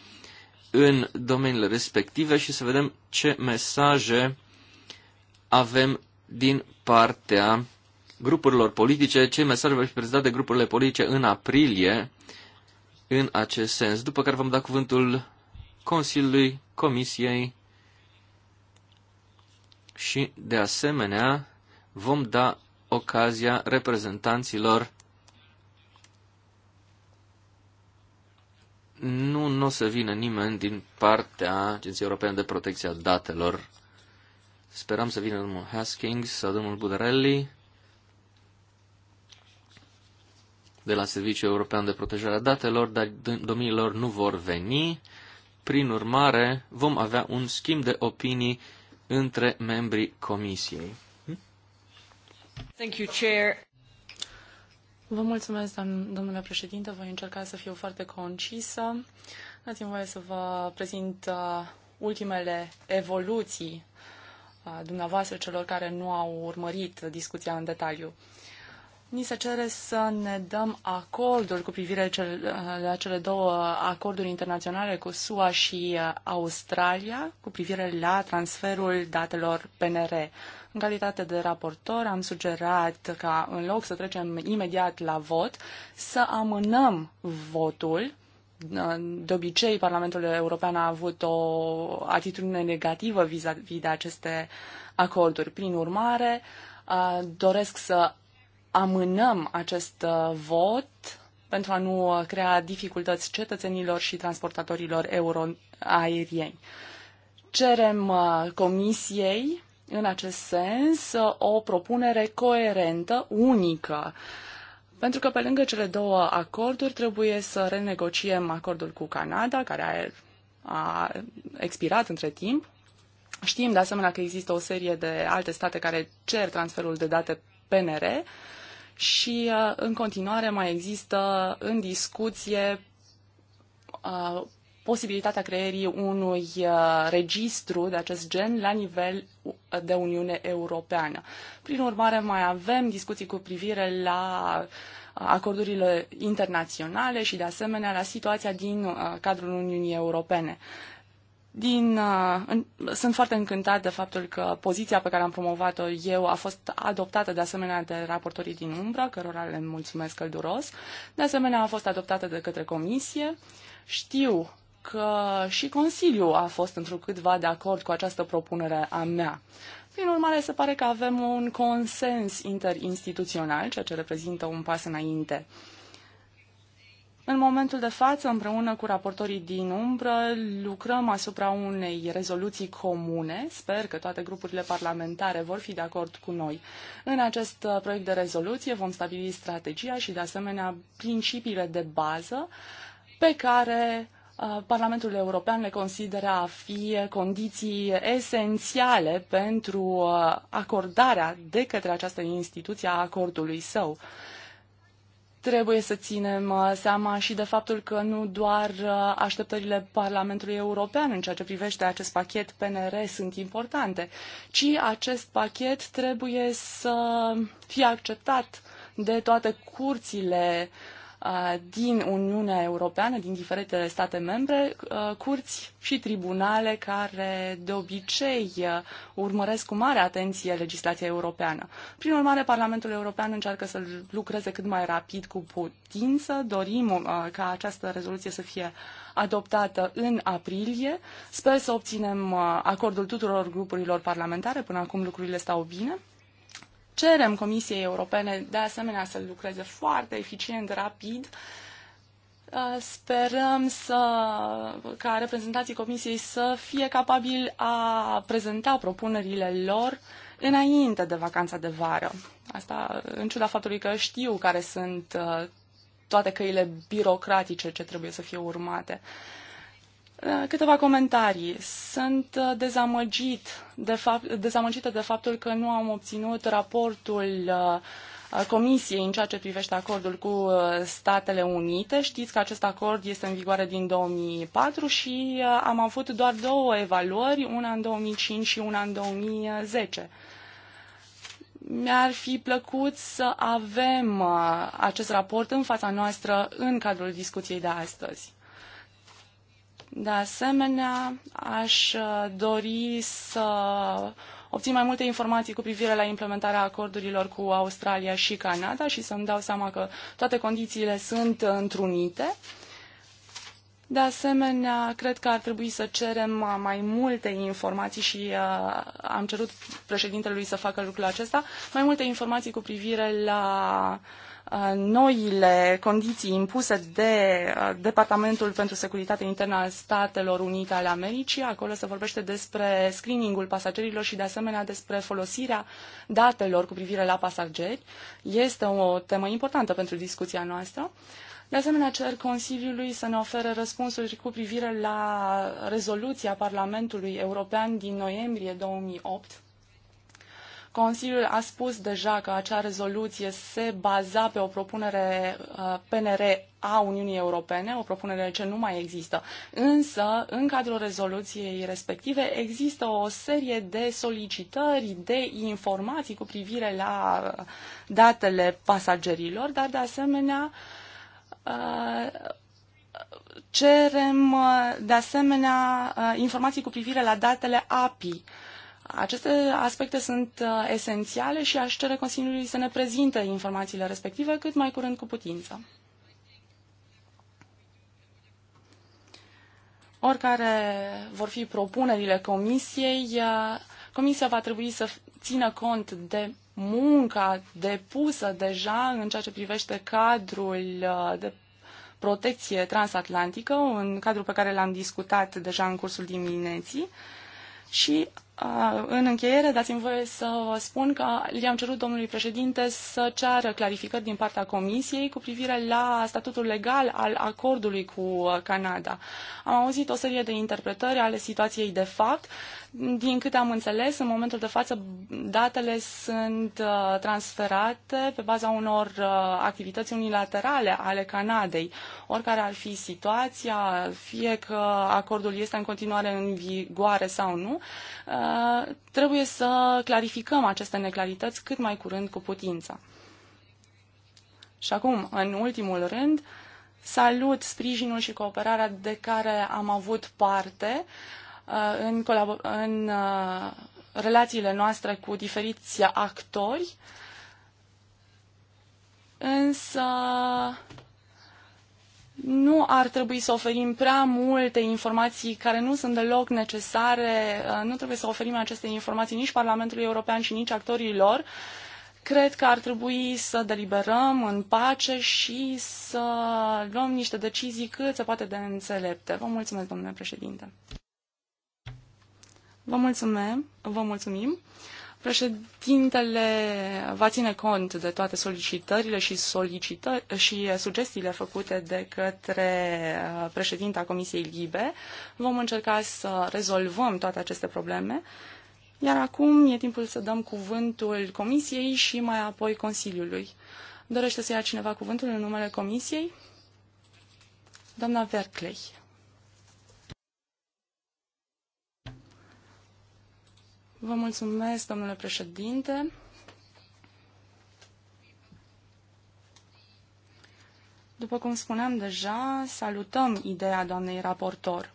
în domeniile respective și să vedem ce mesaje avem din partea grupurilor politice, ce mesaje vor fi prezentate de grupurile politice în aprilie în acest sens, după care vom da cuvântul Consiliului, Comisiei și, de asemenea, vom da ocazia reprezentanților nu, nu o să vină nimeni din partea Agenției Europene de Protecție a Datelor. Speram să vină domnul Haskings sau domnul Budarelli. de la Serviciul European de Protejare a Datelor, dar domniilor nu vor veni. Prin urmare, vom avea un schimb de opinii între membrii Comisiei. Hm? Thank you, Chair. Vă mulțumesc, domnule președinte. Voi încerca să fiu foarte concisă. Dați-mi voie să vă prezint uh, ultimele evoluții uh, dumneavoastră celor care nu au urmărit discuția în detaliu. Uh, Ni se cere să ne dăm acorduri cu privire la cele două acorduri internaționale cu SUA și uh, Australia cu privire la transferul datelor PNR. În calitate de raportor am sugerat ca în loc să trecem imediat la vot, să amânăm votul de obicei, Parlamentul European a avut o atitudine negativă vis-a-vis -vis de aceste acorduri. Prin urmare, uh, doresc să amânăm acest uh, vot pentru a nu uh, crea dificultăți cetățenilor și transportatorilor euroaerieni. Cerem uh, Comisiei, în acest sens, o propunere coerentă, unică. Pentru că pe lângă cele două acorduri trebuie să renegociem acordul cu Canada, care a, a expirat între timp. Știm de asemenea că există o serie de alte state care cer transferul de date PNR și uh, în continuare mai există în discuție uh, posibilitatea creierii unui uh, registru de acest gen la nivel de Uniune Europeană. Prin urmare, mai avem discuții cu privire la acordurile internaționale și, de asemenea, la situația din cadrul Uniunii Europene din, uh, în, sunt foarte încântat de faptul că poziția pe care am promovat-o eu a fost adoptată de asemenea de raportorii din umbră, cărora le mulțumesc călduros. De asemenea, a fost adoptată de către comisie. Știu că și Consiliul a fost întrucâtva de acord cu această propunere a mea. Prin urmare, se pare că avem un consens interinstituțional, ceea ce reprezintă un pas înainte. Uh, în momentul de față, împreună cu raportorii din umbră, lucrăm asupra unei rezoluții comune. Sper că toate grupurile parlamentare vor fi de acord cu noi. În acest uh, proiect de rezoluție vom stabili strategia și, de asemenea, principiile de bază pe care uh, Parlamentul European le consideră a fi condiții esențiale pentru uh, acordarea de către această instituție a acordului său trebuie să ținem uh, seama și de faptul că nu doar uh, așteptările Parlamentului European în ceea ce privește acest pachet PNR sunt importante, ci acest pachet trebuie să fie acceptat de toate curțile uh, Uh, din Uniunea Europeană, din diferitele state membre, uh, curți și tribunale care de obicei uh, urmăresc cu mare atenție legislația europeană. Prin urmare, Parlamentul European încearcă să lucreze cât mai rapid cu putință. Dorim ca această rezoluție să fie adoptată în aprilie. Sper să obținem acordul tuturor grupurilor parlamentare. Până acum lucrurile stau bine cerem Comisiei Europene de asemenea să lucreze foarte eficient, rapid. Uh, sperăm să, ca reprezentanții Comisiei să fie capabili a prezenta propunerile lor înainte de vacanța de vară. Asta în ciuda faptului că știu care sunt uh, toate căile birocratice ce trebuie să fie urmate. Uh, Uh, câteva comentarii. Sunt uh, dezamăgit de fapt, dezamăgită de faptul că nu am obținut raportul uh, Comisiei în ceea ce privește acordul cu Statele Unite. Știți că acest acord este în vigoare din 2004 și am avut doar două evaluări, una în 2005 și una în 2010 mi-ar fi plăcut să avem acest raport în fața noastră în cadrul discuției de astăzi. De asemenea, aș uh, dori să obțin mai multe informații cu privire la implementarea acordurilor cu Australia și Canada și să-mi dau seama că toate condițiile sunt întrunite. De asemenea, cred că ar trebui să cerem mai multe informații și uh, am cerut președintelui să facă lucrul acesta, mai multe informații cu privire la Uh, noile condiții impuse de uh, Departamentul pentru Securitate Internă al Statelor Unite ale Americii. Acolo se vorbește despre screeningul pasagerilor și de asemenea despre folosirea datelor cu privire la pasageri. Este o temă importantă pentru discuția noastră. De asemenea, cer Consiliului să ne ofere răspunsuri cu privire la rezoluția Parlamentului European din noiembrie 2008 Consiliul a spus deja că acea rezoluție se baza pe o propunere uh, PNR a Uniunii Europene, o propunere ce nu mai există. Însă, în cadrul rezoluției respective, există o serie de solicitări, de informații cu privire la datele pasagerilor, dar de asemenea uh, cerem uh, de asemenea informații cu privire la datele API aceste aspecte sunt uh, esențiale și aș cere Consiliului să ne prezinte informațiile respective cât mai curând cu putință. Oricare vor fi propunerile Comisiei, uh, Comisia va trebui să țină cont de munca depusă deja în ceea ce privește cadrul uh, de protecție transatlantică, un cadru pe care l-am discutat deja în cursul dimineții, și în încheiere, dați-mi voie să vă spun că le-am cerut domnului președinte să ceară clarificări din partea Comisiei cu privire la statutul legal al acordului cu Canada. Am auzit o serie de interpretări ale situației de fapt. Din câte am înțeles, în momentul de față, datele sunt uh, transferate pe baza unor uh, activități unilaterale ale Canadei. Oricare ar fi situația, fie că acordul este în continuare în vigoare sau nu, uh, trebuie să clarificăm aceste neclarități cât mai curând cu putință. Și acum, în ultimul rând, salut sprijinul și cooperarea de care am avut parte uh, în, în uh, relațiile noastre cu diferiți actori, însă nu ar trebui să oferim prea multe informații care nu sunt deloc necesare, uh, nu trebuie să oferim aceste informații nici Parlamentului European și nici actorilor. Cred că ar trebui să deliberăm în pace și să luăm niște decizii cât se poate de înțelepte. Vă mulțumesc, domnule președinte. Vă mulțumim, vă mulțumim. Președintele va ține cont de toate solicitările și, solicită- și sugestiile făcute de către uh, președinta Comisiei Libe. Vom încerca să rezolvăm toate aceste probleme. Iar acum e timpul să dăm cuvântul Comisiei și mai apoi Consiliului. Dorește să ia cineva cuvântul în numele Comisiei? Doamna Verclei. Vă mulțumesc, domnule președinte. După cum spuneam deja, salutăm ideea doamnei raportor.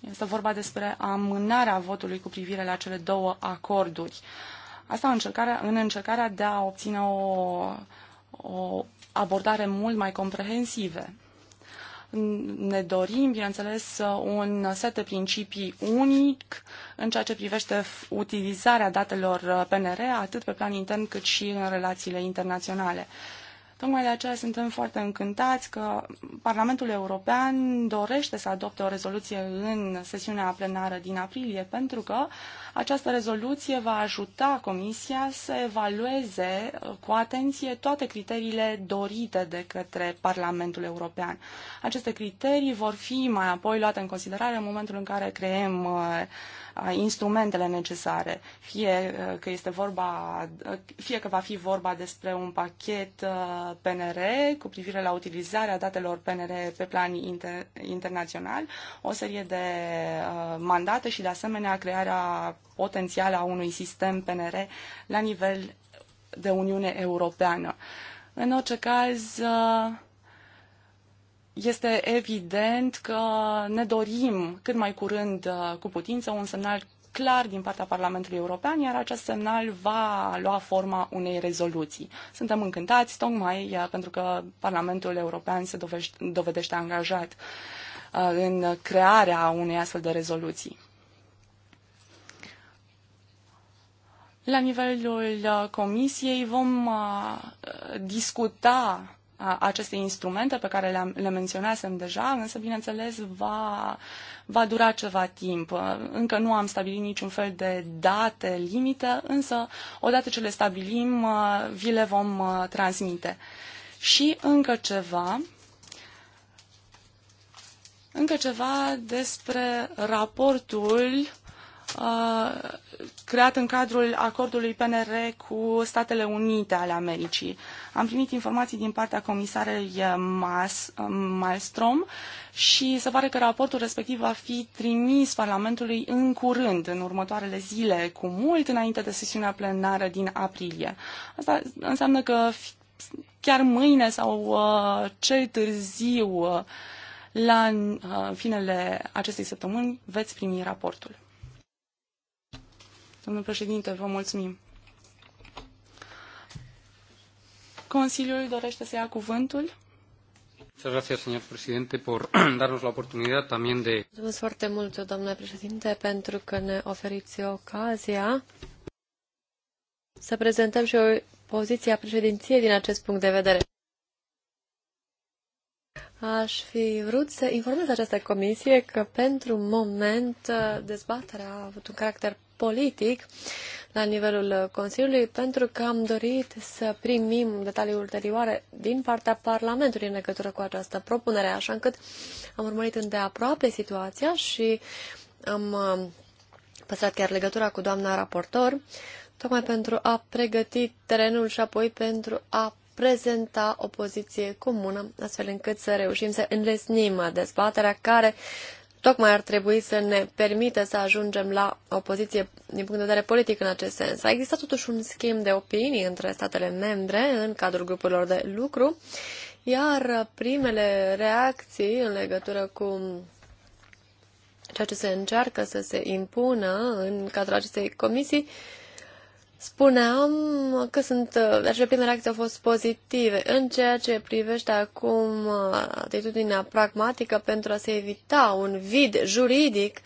Este vorba despre amânarea votului cu privire la cele două acorduri. Asta în încercarea, în încercarea de a obține o, o abordare mult mai comprehensivă. Ne dorim, bineînțeles, un set de principii unic în ceea ce privește utilizarea datelor PNR, atât pe plan intern cât și în relațiile internaționale. Tocmai de aceea suntem foarte încântați că Parlamentul European dorește să adopte o rezoluție în sesiunea plenară din aprilie, pentru că această rezoluție va ajuta Comisia să evalueze uh, cu atenție toate criteriile dorite de către Parlamentul European. Aceste criterii vor fi mai apoi luate în considerare în momentul în care creăm uh, instrumentele necesare, fie uh, că este vorba, uh, fie că va fi vorba despre un pachet uh, PNR cu privire la utilizarea datelor PNR pe plan inter, internațional, o serie de mandate și de asemenea crearea potențială a unui sistem PNR la nivel de Uniune Europeană. În orice caz, uh, este evident că ne dorim cât mai curând uh, cu putință un semnal clar din partea Parlamentului European, iar acest semnal va lua forma unei rezoluții. Suntem încântați, tocmai uh, pentru că Parlamentul European se dovește, dovedește angajat uh, în crearea unei astfel de rezoluții. La nivelul Comisiei vom discuta aceste instrumente pe care le menționasem deja, însă, bineînțeles, va, va dura ceva timp. Încă nu am stabilit niciun fel de date limită, însă, odată ce le stabilim, vi le vom transmite. Și încă ceva, încă ceva despre raportul Uh, creat în cadrul acordului PNR cu Statele Unite ale Americii. Am primit informații din partea comisarei uh, Mas, uh, Malmström și se pare că raportul respectiv va fi trimis Parlamentului în curând, în următoarele zile, cu mult înainte de sesiunea plenară din aprilie. Asta înseamnă că chiar mâine sau uh, cel târziu, la uh, finele acestei săptămâni, veți primi raportul. Domnul președinte, vă mulțumim. Consiliul dorește să ia cuvântul. [CLEARS THROAT] Mulțumesc foarte mult, domnule președinte, pentru că ne oferiți ocazia să prezentăm și o poziția președinției din acest punct de vedere. Aș fi vrut să informez această comisie că pentru moment dezbaterea a avut un caracter politic la nivelul Consiliului, pentru că am dorit să primim detalii ulterioare din partea Parlamentului în legătură cu această propunere, așa încât am urmărit îndeaproape situația și am uh, păstrat chiar legătura cu doamna raportor, tocmai pentru a pregăti terenul și apoi pentru a prezenta o poziție comună, astfel încât să reușim să înlesnim dezbaterea care tocmai ar trebui să ne permită să ajungem la o poziție din punct de vedere politic în acest sens. A existat totuși un schimb de opinii între statele membre în cadrul grupurilor de lucru, iar primele reacții în legătură cu ceea ce se încearcă să se impună în cadrul acestei comisii uh, Spuneam că sunt, acele deci, prime reacții au fost pozitive în ceea ce privește acum uh, atitudinea pragmatică pentru a se evita un vid juridic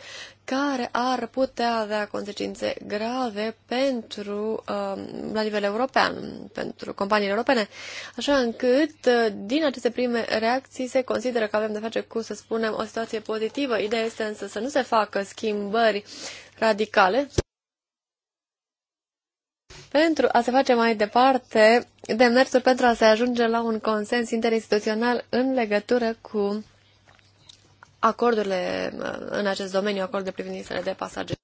care ar putea avea consecințe grave pentru, uh, la nivel european, pentru companiile europene, așa încât uh, din aceste prime reacții se consideră că avem de face cu, să spunem, o situație pozitivă. Ideea este însă să nu se facă schimbări radicale pentru a se face mai departe demersuri pentru a se ajunge la un consens interinstituțional în legătură cu acordurile în acest domeniu, acordurile privind listele de pasageri.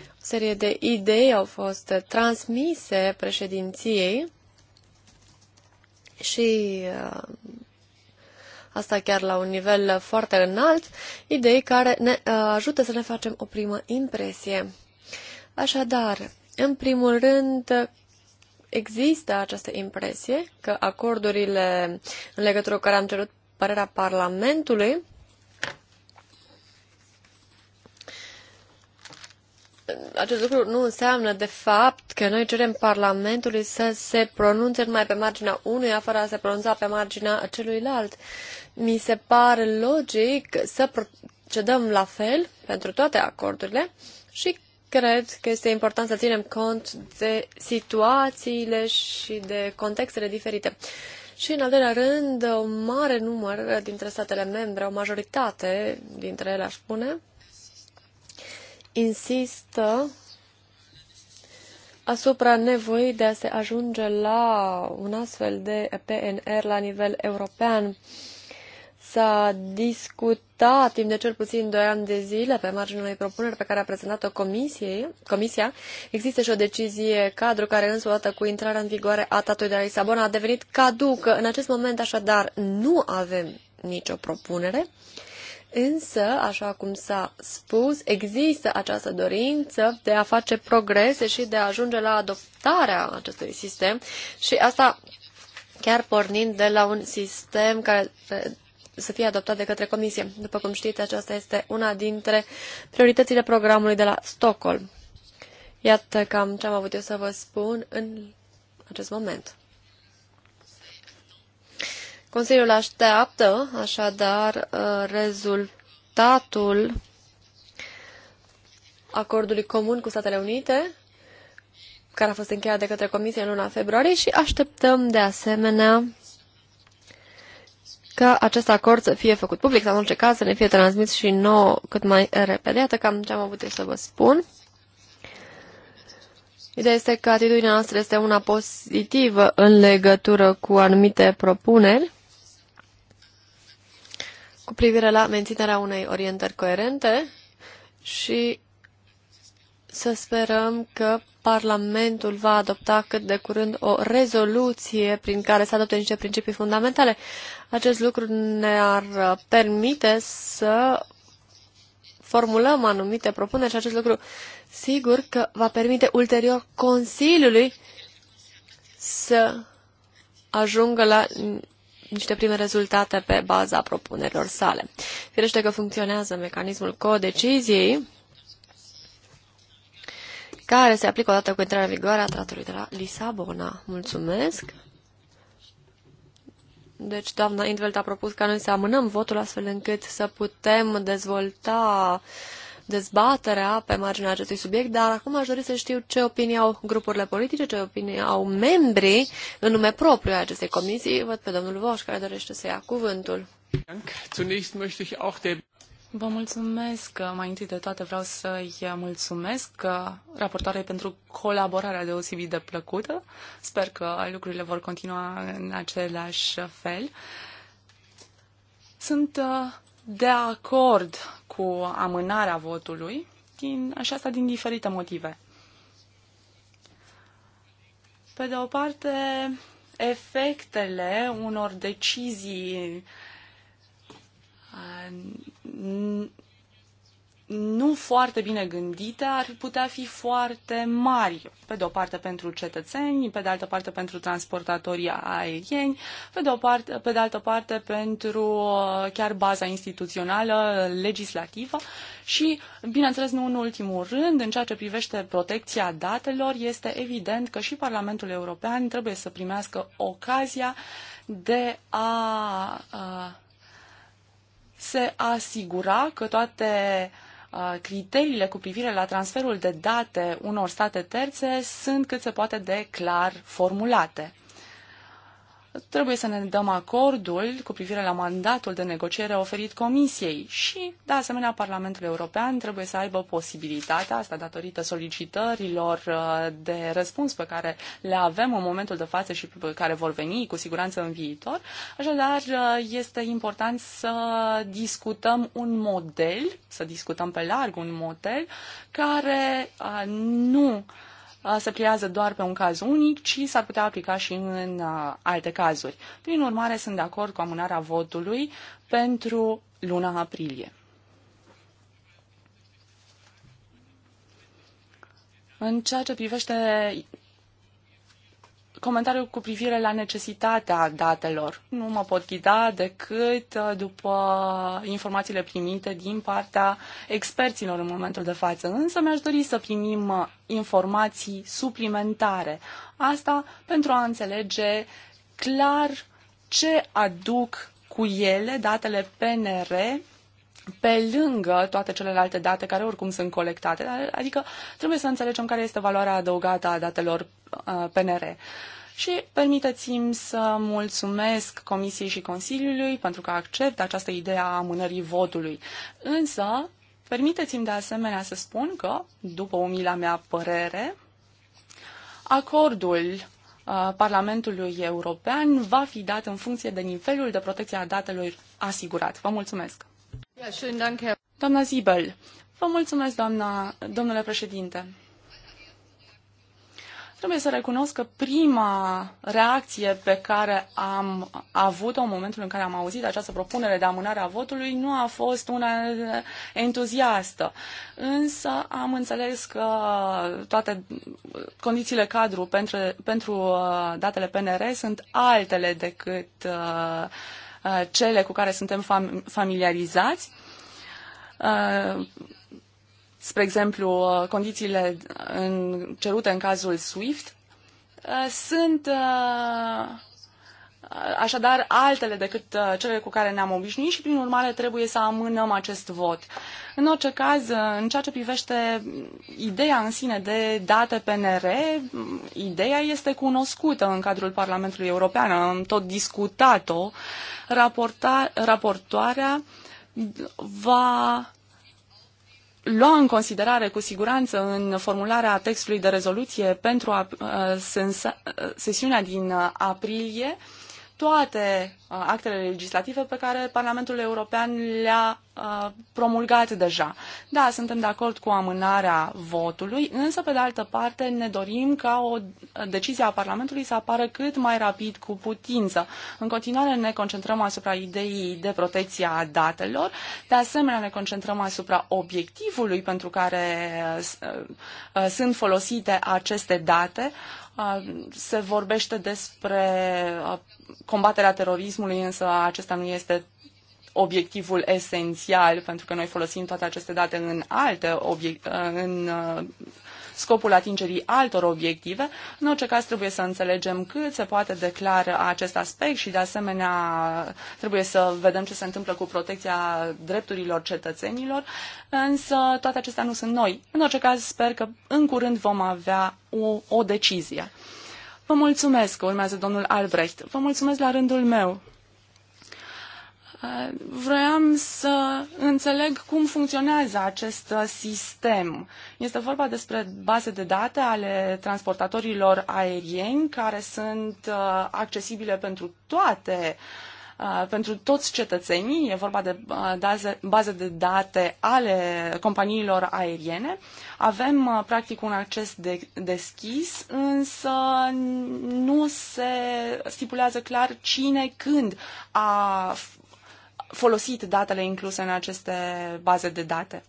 O serie de idei au fost transmise președinției și uh, asta chiar la un nivel foarte înalt, idei care ne uh, ajută să ne facem o primă impresie. Așadar, în primul rând, există această impresie că acordurile în legătură cu care am cerut părerea Parlamentului acest lucru nu înseamnă, de fapt, că noi cerem Parlamentului să se pronunțe numai pe marginea unuia, fără a se pronunța pe marginea celuilalt. Mi se pare logic să procedăm la fel pentru toate acordurile și Cred că este important să ținem cont de situațiile și de contextele diferite. Și, în al doilea rând, un mare număr dintre statele membre, o majoritate dintre ele, aș spune, insistă asupra nevoii de a se ajunge la un astfel de PNR la nivel european. Uh, S-a discutat timp de cel puțin 2 ani de zile pe marginea unei propuneri pe care a prezentat-o Comisia. Există și o decizie cadru care însă odată cu intrarea în vigoare a Tatălui de la Lisabona a devenit caducă. În acest moment așadar nu avem nicio propunere. Însă, așa cum s-a spus, există această dorință de a face progrese și de a ajunge la adoptarea acestui sistem și asta chiar pornind de la un sistem care să fie adoptat de către Comisie. După cum știți, aceasta este una dintre prioritățile programului de la Stockholm. Iată cam ce am avut eu să vă spun în acest moment. Consiliul așteaptă, așadar, uh, rezultatul acordului comun cu Statele Unite, care a fost încheiat de către Comisie în luna februarie și așteptăm de asemenea ca acest acord să fie făcut public sau în orice caz să ne fie transmis și nouă cât mai repede. Iată cam ce am avut eu să vă spun. Ideea este că atitudinea noastră este una pozitivă în legătură cu anumite propuneri cu privire la menținerea unei orientări coerente și să sperăm că Parlamentul va adopta cât de curând o rezoluție prin care să adopte niște principii fundamentale. Acest lucru ne-ar uh, permite să formulăm anumite propuneri și acest lucru sigur că va permite ulterior Consiliului să ajungă la niște prime rezultate pe baza propunerilor sale. Firește că funcționează mecanismul codeciziei care se aplică odată cu intrarea în vigoare a tratului de la Lisabona. Mulțumesc! Deci, doamna Indvelt a propus ca noi să amânăm votul astfel încât să putem dezvolta dezbaterea pe marginea acestui subiect, dar acum aș dori să știu ce opinie au grupurile politice, ce opinie au membrii în nume propriu a acestei comisii. Văd pe domnul Voș care dorește să ia cuvântul. Vă mulțumesc. Mai întâi de toate vreau să-i mulțumesc raportoarei pentru colaborarea deosebit de plăcută. Sper că lucrurile vor continua în același fel. Sunt uh, de acord cu amânarea votului, din, așa asta din diferite motive. Pe de o parte, efectele unor decizii uh, nu foarte bine gândite ar putea fi foarte mari, pe de o parte pentru cetățeni, pe de altă parte pentru transportatorii aerieni, pe de, o parte, pe de altă parte pentru uh, chiar baza instituțională, legislativă și, bineînțeles, nu în ultimul rând, în ceea ce privește protecția datelor, este evident că și Parlamentul European trebuie să primească ocazia de a, a uh, se asigura că toate criteriile cu privire la transferul de date unor state terțe sunt cât se poate de clar formulate trebuie să ne dăm acordul cu privire la mandatul de negociere oferit Comisiei și, de asemenea, Parlamentul European trebuie să aibă posibilitatea, asta datorită solicitărilor uh, de răspuns pe care le avem în momentul de față și pe care vor veni cu siguranță în viitor. Așadar, uh, este important să discutăm un model, să discutăm pe larg un model care uh, nu uh, se pliază doar pe un caz unic, ci s-ar putea aplica și în alte cazuri. Prin urmare, sunt de acord cu amânarea votului pentru luna aprilie. În ceea ce privește comentariu cu privire la necesitatea datelor. Nu mă pot ghida decât uh, după informațiile primite din partea experților în momentul de față, însă mi-aș dori să primim uh, informații suplimentare. Asta pentru a înțelege clar ce aduc cu ele datele PNR pe lângă toate celelalte date care oricum sunt colectate. Adică trebuie să înțelegem care este valoarea adăugată a datelor uh, PNR și permiteți-mi să mulțumesc Comisiei și Consiliului pentru că acceptă această idee a amânării votului. Însă, permiteți-mi de asemenea să spun că, după umila mea părere, acordul uh, Parlamentului European va fi dat în funcție de nivelul de protecție a datelor asigurat. Vă mulțumesc! Doamna Zibel, vă mulțumesc, doamna, domnule președinte! Trebuie să recunosc că prima reacție pe care am avut-o în momentul în care am auzit această propunere de amânare a votului nu a fost una entuziastă. Însă am înțeles că toate condițiile cadru pentru, pentru uh, datele PNR sunt altele decât uh, uh, cele cu care suntem familiarizați spre exemplu, condițiile în, cerute în cazul SWIFT, uh, sunt uh, așadar altele decât uh, cele cu care ne-am obișnuit și, prin urmare, trebuie să amânăm acest vot. În orice caz, în ceea ce privește ideea în sine de date PNR, ideea este cunoscută în cadrul Parlamentului European. Am tot discutat-o. raportoarea va lua în considerare cu siguranță în formularea textului de rezoluție pentru a, sensa, sesiunea din aprilie toate actele legislative pe care Parlamentul European le-a promulgat deja. Da, suntem de acord cu amânarea votului, însă, pe de altă parte, ne dorim ca o decizie a Parlamentului să apară cât mai rapid cu putință. În continuare ne concentrăm asupra ideii de protecție a datelor, de asemenea ne concentrăm asupra obiectivului pentru care sunt folosite aceste date. Se vorbește despre combaterea terorismului, însă acesta nu este obiectivul esențial, pentru că noi folosim toate aceste date în alte în uh, scopul atingerii altor obiective. În orice caz trebuie să înțelegem cât se poate declară acest aspect și de asemenea trebuie să vedem ce se întâmplă cu protecția drepturilor cetățenilor, însă toate acestea nu sunt noi. În orice caz sper că în curând vom avea o, o decizie. Vă mulțumesc, urmează domnul Albrecht. Vă mulțumesc la rândul meu. Vroiam să înțeleg cum funcționează acest sistem. Este vorba despre baze de date ale transportatorilor aerieni care sunt uh, accesibile pentru toate uh, pentru toți cetățenii, e vorba de uh, baze de date ale companiilor aeriene. Avem practic un acces de, deschis, însă nu se stipulează clar cine, când a folosit datele incluse în aceste baze de date.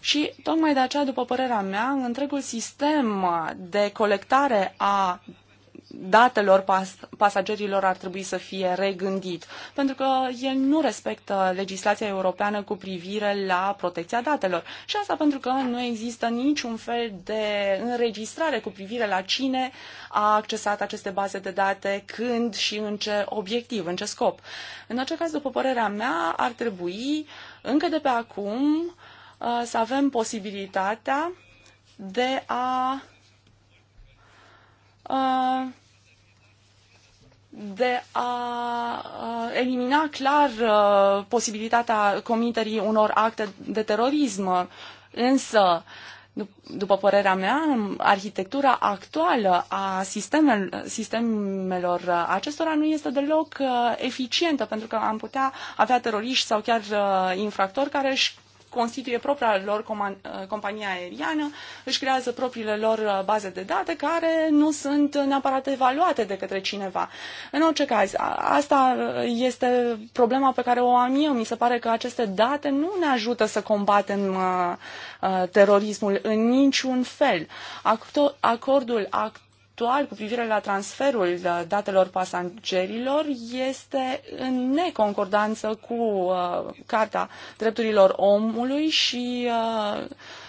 Și tocmai de aceea, după părerea mea, întregul sistem de colectare a datelor pas- pasagerilor ar trebui să fie regândit, pentru că el nu respectă legislația europeană cu privire la protecția datelor. Și asta pentru că nu există niciun fel de înregistrare cu privire la cine a accesat aceste baze de date, când și în ce obiectiv, în ce scop. În acest caz, după părerea mea, ar trebui încă de pe acum uh, să avem posibilitatea de a uh, de a elimina clar uh, posibilitatea comiterii unor acte de terorism. Însă, după părerea mea, arhitectura actuală a sistemelor acestora nu este deloc uh, eficientă, pentru că am putea avea teroriști sau chiar uh, infractori care își constituie propria lor uh, companie aeriană, își creează propriile lor uh, baze de date care nu sunt neapărat evaluate de către cineva. În orice caz, asta uh, este problema pe care o am eu. Mi se pare că aceste date nu ne ajută să combatem terorismul în niciun fel. acordul act actual cu privire la transferul uh, datelor pasagerilor este în neconcordanță cu uh, Carta Drepturilor Omului și uh,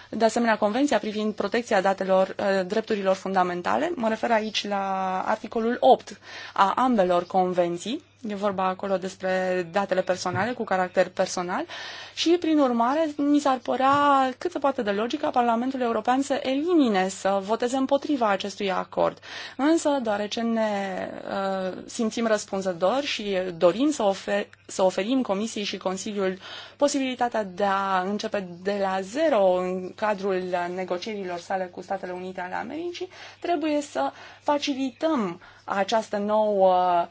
de asemenea Convenția privind protecția datelor uh, drepturilor fundamentale. Mă refer aici la articolul 8 a ambelor convenții E vorba acolo despre datele personale cu caracter personal și, prin urmare, mi s-ar părea cât se poate de logica Parlamentul European să elimine, să voteze împotriva acestui acord. Însă, deoarece ne uh, simțim răspunzători și dorim să, ofer- să oferim Comisiei și Consiliul posibilitatea de a începe de la zero în cadrul negocierilor sale cu Statele Unite ale Americii, trebuie să facilităm uh, această nouă,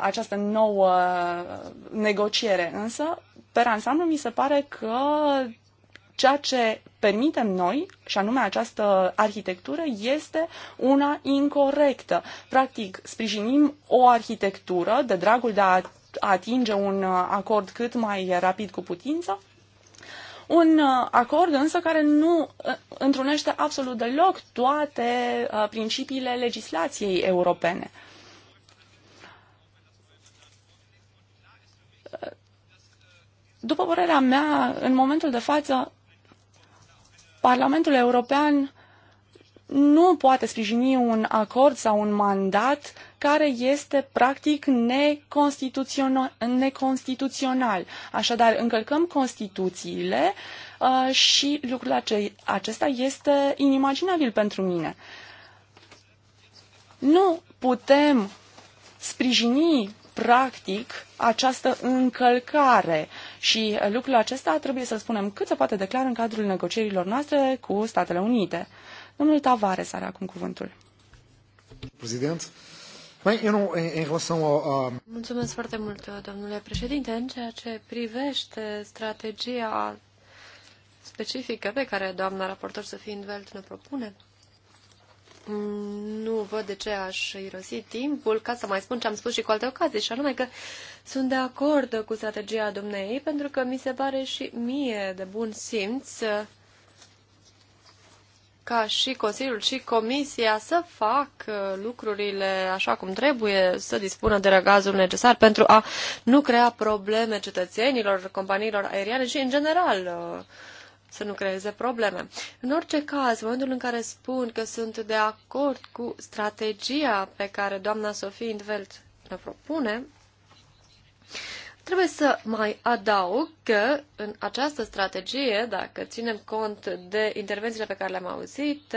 această nouă negociere. Însă, pe ansamblu, mi se pare că ceea ce permitem noi, și anume această arhitectură, este una incorrectă. Practic, sprijinim o arhitectură de dragul de a atinge un acord cât mai rapid cu putință, un uh, acord însă care nu uh, întrunește absolut deloc toate uh, principiile legislației europene. După părerea mea, în momentul de față, Parlamentul European nu poate sprijini un acord sau un mandat care este practic neconstituțional. Așadar, încălcăm Constituțiile uh, și lucrul acesta este inimaginabil pentru mine. Nu putem sprijini practic această încălcare și lucrul acesta trebuie să spunem cât se poate clar în cadrul negocierilor noastre cu Statele Unite. Domnul Tavares are acum cuvântul. Președinte, eu nu, în Mulțumesc foarte mult, domnule președinte. În ceea ce privește strategia specifică pe care doamna raportor să fiind velt ne propune, nu văd de ce aș irosi timpul ca să mai spun ce am spus și cu alte ocazii, și anume că sunt de acord cu strategia dumneei, pentru că mi se pare și mie de bun simț ca și Consiliul și Comisia să fac uh, lucrurile așa cum trebuie, să dispună de răgazul necesar pentru a nu crea probleme cetățenilor, companiilor aeriene și, în general, uh, să nu creeze probleme. În orice caz, în momentul în care spun că sunt de acord cu strategia pe care doamna Sofie Indveld ne propune, Trebuie să mai adaug că în această strategie, dacă ținem cont de intervențiile pe care le-am auzit,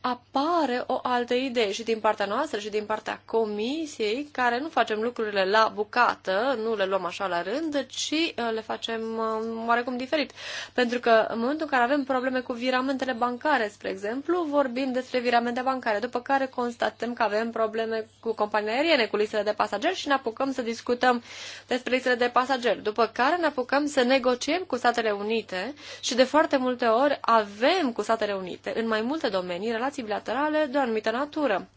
apare o altă idee și din partea noastră și din partea comisiei, care nu facem lucrurile la bucată, nu le luăm așa la rând, ci uh, le facem uh, oarecum diferit. Pentru că în momentul în care avem probleme cu viramentele bancare, spre exemplu, vorbim despre viramente bancare, după care constatăm că avem probleme cu companiile aeriene, cu listele de pasageri și ne apucăm să discutăm despre listele de pasageri, după care ne apucăm să negociem cu Statele Unite și de foarte multe ori avem cu Statele Unite în mai multe domenii relații relații bilaterale de o anumită natură.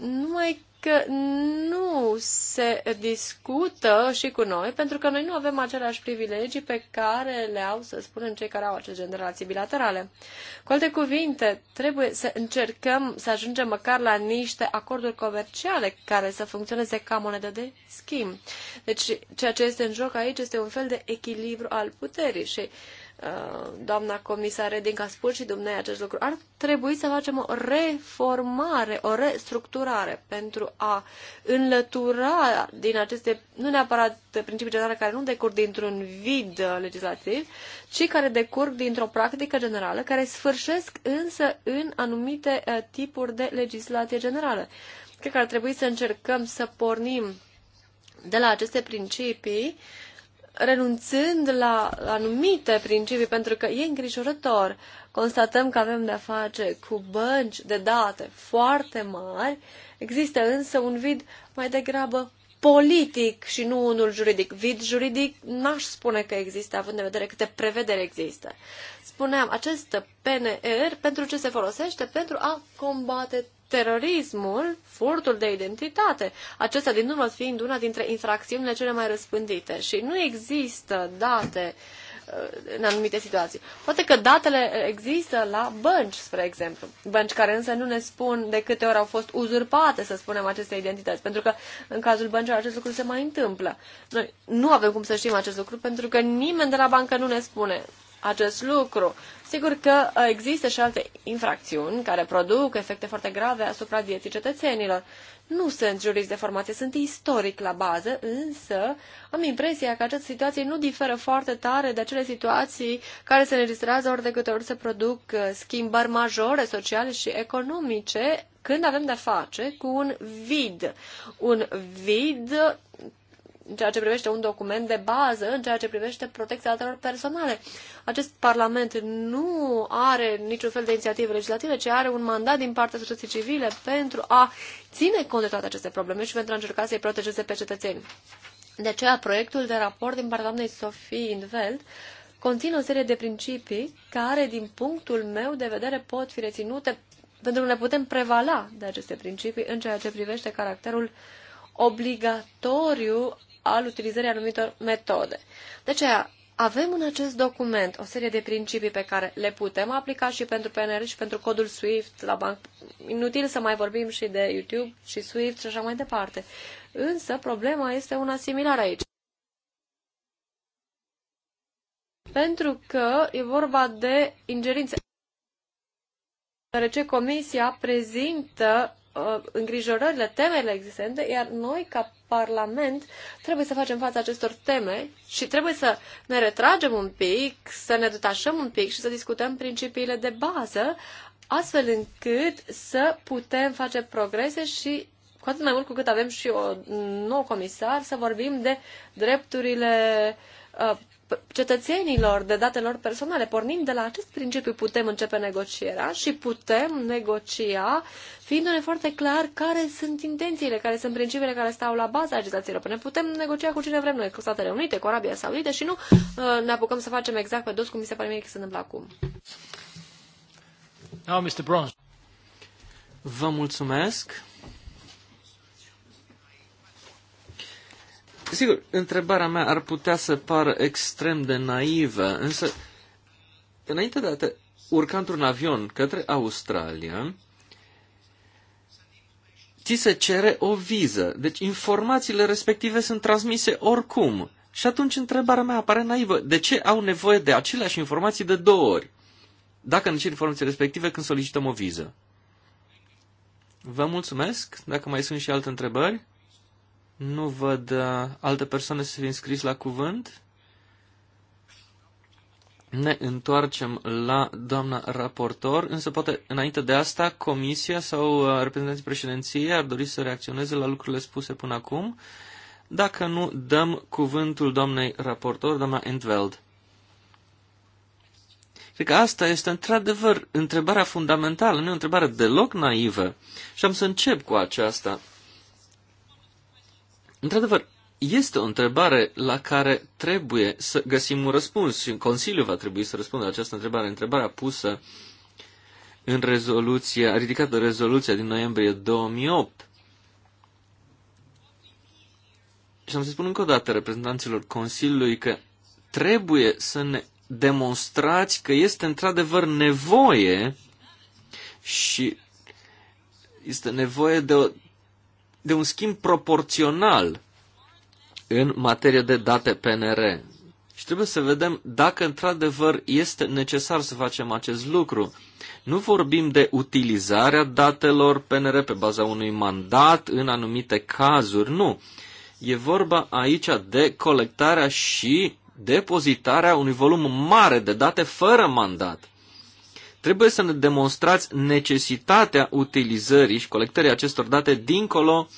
Numai că nu se discută și cu noi, pentru că noi nu avem aceleași privilegii pe care le au, să spunem, cei care au acest gen de relații bilaterale. Cu alte cuvinte, trebuie să încercăm să ajungem măcar la niște acorduri comerciale care să funcționeze ca monedă de schimb. Deci, ceea ce este în joc aici este un fel de echilibru al puterii și uh, Uh, doamna comisar Reding a spus și dumneavoastră acest lucru, ar trebui să facem o reformare, o restructurare pentru a înlătura din aceste, nu neapărat principii generale care nu decurg dintr-un vid legislativ, ci care decurg dintr-o practică generală, care sfârșesc însă în anumite uh, tipuri de legislație generală. Cred că ar trebui să încercăm să pornim de la aceste principii renunțând la anumite principii, pentru că e îngrijorător. Constatăm că avem de-a face cu bănci de date foarte mari, există însă un vid mai degrabă politic și nu unul juridic. Vid juridic n-aș spune că există, având în vedere câte prevedere există. Spuneam, acest PNR pentru ce se folosește? Pentru a combate terorismul, furtul de identitate, acestea din urmă fiind una dintre infracțiunile cele mai răspândite și nu există date uh, în anumite situații. Poate că datele există la bănci, spre exemplu. Bănci care însă nu ne spun de câte ori au fost uzurpate, să spunem, aceste identități, pentru că în cazul băncilor acest lucru se mai întâmplă. Noi nu avem cum să știm acest lucru pentru că nimeni de la bancă nu ne spune acest lucru. Sigur că uh, există și alte infracțiuni care produc efecte foarte grave asupra vieții cetățenilor. Nu sunt juriști de formație, sunt istoric la bază, însă am impresia că această situație nu diferă foarte tare de acele situații care se înregistrează ori de câte ori se produc uh, schimbări majore sociale și economice când avem de-a face cu un vid. Un vid în ceea ce privește un document de bază, în ceea ce privește protecția datelor personale. Acest Parlament nu are niciun fel de inițiative legislative, ci are un mandat din partea societății civile pentru a ține cont de toate aceste probleme și pentru a încerca să-i protejeze pe cetățeni. De aceea, proiectul de raport din partea doamnei Sofie Inveld conține o serie de principii care, din punctul meu de vedere, pot fi reținute pentru că ne putem prevala de aceste principii în ceea ce privește caracterul obligatoriu al utilizării anumitor metode. De aceea, avem în acest document o serie de principii pe care le putem aplica și pentru PNR și pentru codul SWIFT la banc. Inutil să mai vorbim și de YouTube și SWIFT și așa mai departe. Însă problema este una similară aici. Pentru că e vorba de ingerințe. Deoarece Comisia prezintă uh, îngrijorările, temele existente, iar noi, ca Parlament, trebuie să facem față acestor teme și trebuie să ne retragem un pic, să ne detașăm un pic și să discutăm principiile de bază, astfel încât să putem face progrese și cu atât mai mult cu cât avem și o nouă comisar, să vorbim de drepturile uh, cetățenilor de datelor personale. Pornind de la acest principiu, putem începe negocierea și putem negocia, fiindu-ne foarte clar care sunt intențiile, care sunt principiile care stau la baza agitației europene. Putem negocia cu cine vrem noi, cu Statele Unite, cu Arabia Saudită și nu uh, ne apucăm să facem exact pe dos cum mi se pare mie că se întâmplă acum. Now, Mr. Bronze. Vă mulțumesc. Sigur, întrebarea mea ar putea să pară extrem de naivă, însă, înainte de a te urca într-un avion către Australia, ți se cere o viză. Deci informațiile respective sunt transmise oricum. Și atunci întrebarea mea apare naivă. De ce au nevoie de aceleași informații de două ori? Dacă nu cer informații respective când solicităm o viză. Vă mulțumesc. Dacă mai sunt și alte întrebări. Nu văd uh, alte persoane să fie înscris la cuvânt. Ne întoarcem la doamna raportor, însă poate înainte de asta comisia sau uh, reprezentanții președinției ar dori să reacționeze la lucrurile spuse până acum. Dacă nu, dăm cuvântul doamnei raportor, doamna Entveld. Cred că asta este într-adevăr întrebarea fundamentală, nu e o întrebare deloc naivă. Și am să încep cu aceasta. Într-adevăr, este o întrebare la care trebuie să găsim un răspuns și Consiliul va trebui să răspundă la această întrebare. Întrebarea pusă în rezoluția, ridicată rezoluția din noiembrie 2008. Și am să spun încă o dată reprezentanților Consiliului că trebuie să ne demonstrați că este într-adevăr nevoie și este nevoie de o de un schimb proporțional în materie de date PNR. Și trebuie să vedem dacă într-adevăr este necesar să facem acest lucru. Nu vorbim de utilizarea datelor PNR pe baza unui mandat în anumite cazuri, nu. E vorba aici de colectarea și depozitarea unui volum mare de date fără mandat. Trebuie să ne demonstrați necesitatea utilizării și colectării acestor date dincolo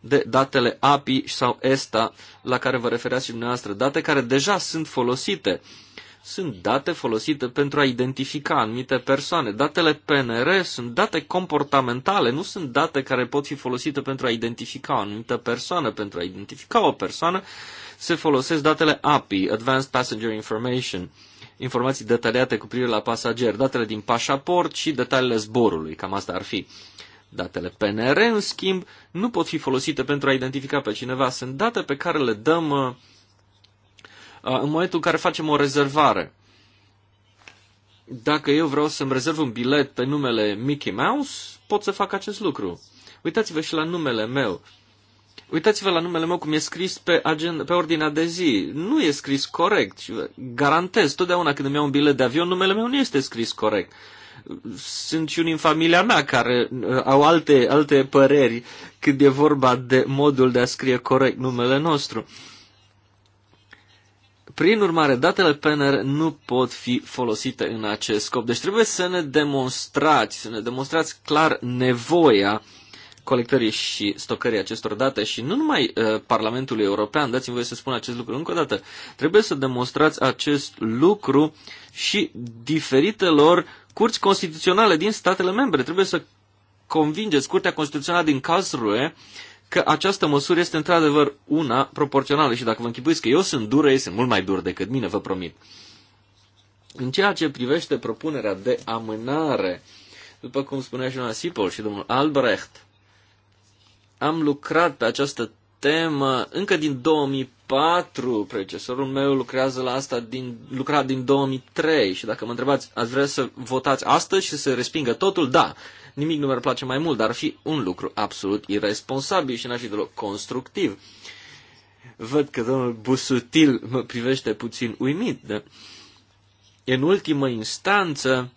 de datele API sau ESTA la care vă referați și dumneavoastră, date care deja sunt folosite. Sunt date folosite pentru a identifica anumite persoane. Datele PNR sunt date comportamentale, nu sunt date care pot fi folosite pentru a identifica o anumită persoană. Pentru a identifica o persoană se folosesc datele API, Advanced Passenger Information informații detaliate cu privire la pasager, datele din pașaport și detaliile zborului, cam asta ar fi. Datele PNR, în schimb, nu pot fi folosite pentru a identifica pe cineva. Sunt date pe care le dăm uh, uh, în momentul în care facem o rezervare. Dacă eu vreau să-mi rezerv un bilet pe numele Mickey Mouse, pot să fac acest lucru. Uitați-vă și la numele meu. Uitați-vă la numele meu cum e scris pe, agenda, pe ordinea de zi. Nu e scris corect. garantez, totdeauna când îmi iau un bilet de avion, numele meu nu este scris corect. Sunt și unii în familia mea care uh, au alte, alte păreri când e vorba de modul de a scrie corect numele nostru. Prin urmare, datele PNR nu pot fi folosite în acest scop. Deci trebuie să ne demonstrați, să ne demonstrați clar nevoia uh, colectării și stocării acestor date și nu numai uh, Parlamentului European, dați-mi voie să spun acest lucru încă o dată, trebuie să demonstrați acest lucru și diferitelor curți constituționale din statele membre. Trebuie să convingeți Curtea Constituțională din Karlsruhe că această măsură este într-adevăr una proporțională și dacă vă închipuiți că eu sunt dură, ei sunt mult mai dur decât mine, vă promit. În ceea ce privește propunerea de amânare, după cum spunea și doamna Sipol și domnul Albrecht, am lucrat pe această temă încă din 2004. Predecesorul meu lucrează la asta din, lucra din 2003 și dacă mă întrebați, ați vrea să votați astăzi și să respingă totul? Da, nimic nu mi-ar place mai mult, dar ar fi un lucru absolut irresponsabil și n-ar fi deloc constructiv. Văd că domnul Busutil mă privește puțin uimit, dar în ultimă instanță,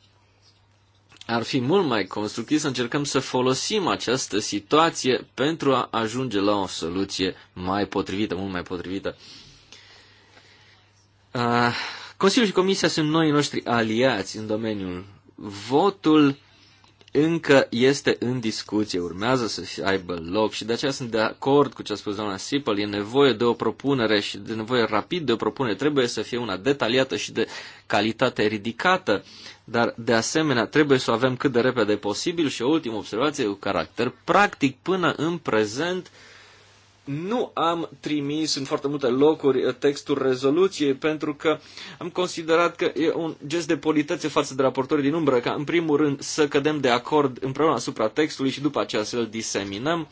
ar fi mult mai constructiv să încercăm să folosim această situație pentru a ajunge la o soluție mai potrivită, mult mai potrivită. Ah, Consiliul și Comisia sunt noi noștri aliați în domeniul. Votul încă este în discuție, urmează să aibă loc și de aceea sunt de acord cu ce a spus doamna Sipel, e nevoie de o propunere și de nevoie rapid de o propunere, trebuie să fie una detaliată și de calitate ridicată, dar de asemenea trebuie să o avem cât de repede posibil și o ultimă observație cu caracter practic până în prezent nu am trimis în foarte multe locuri eh, textul rezoluției pentru că am considerat că e un gest de politețe față de raportorii din umbră ca în primul rând să cădem de acord împreună asupra textului și după aceea să-l diseminăm.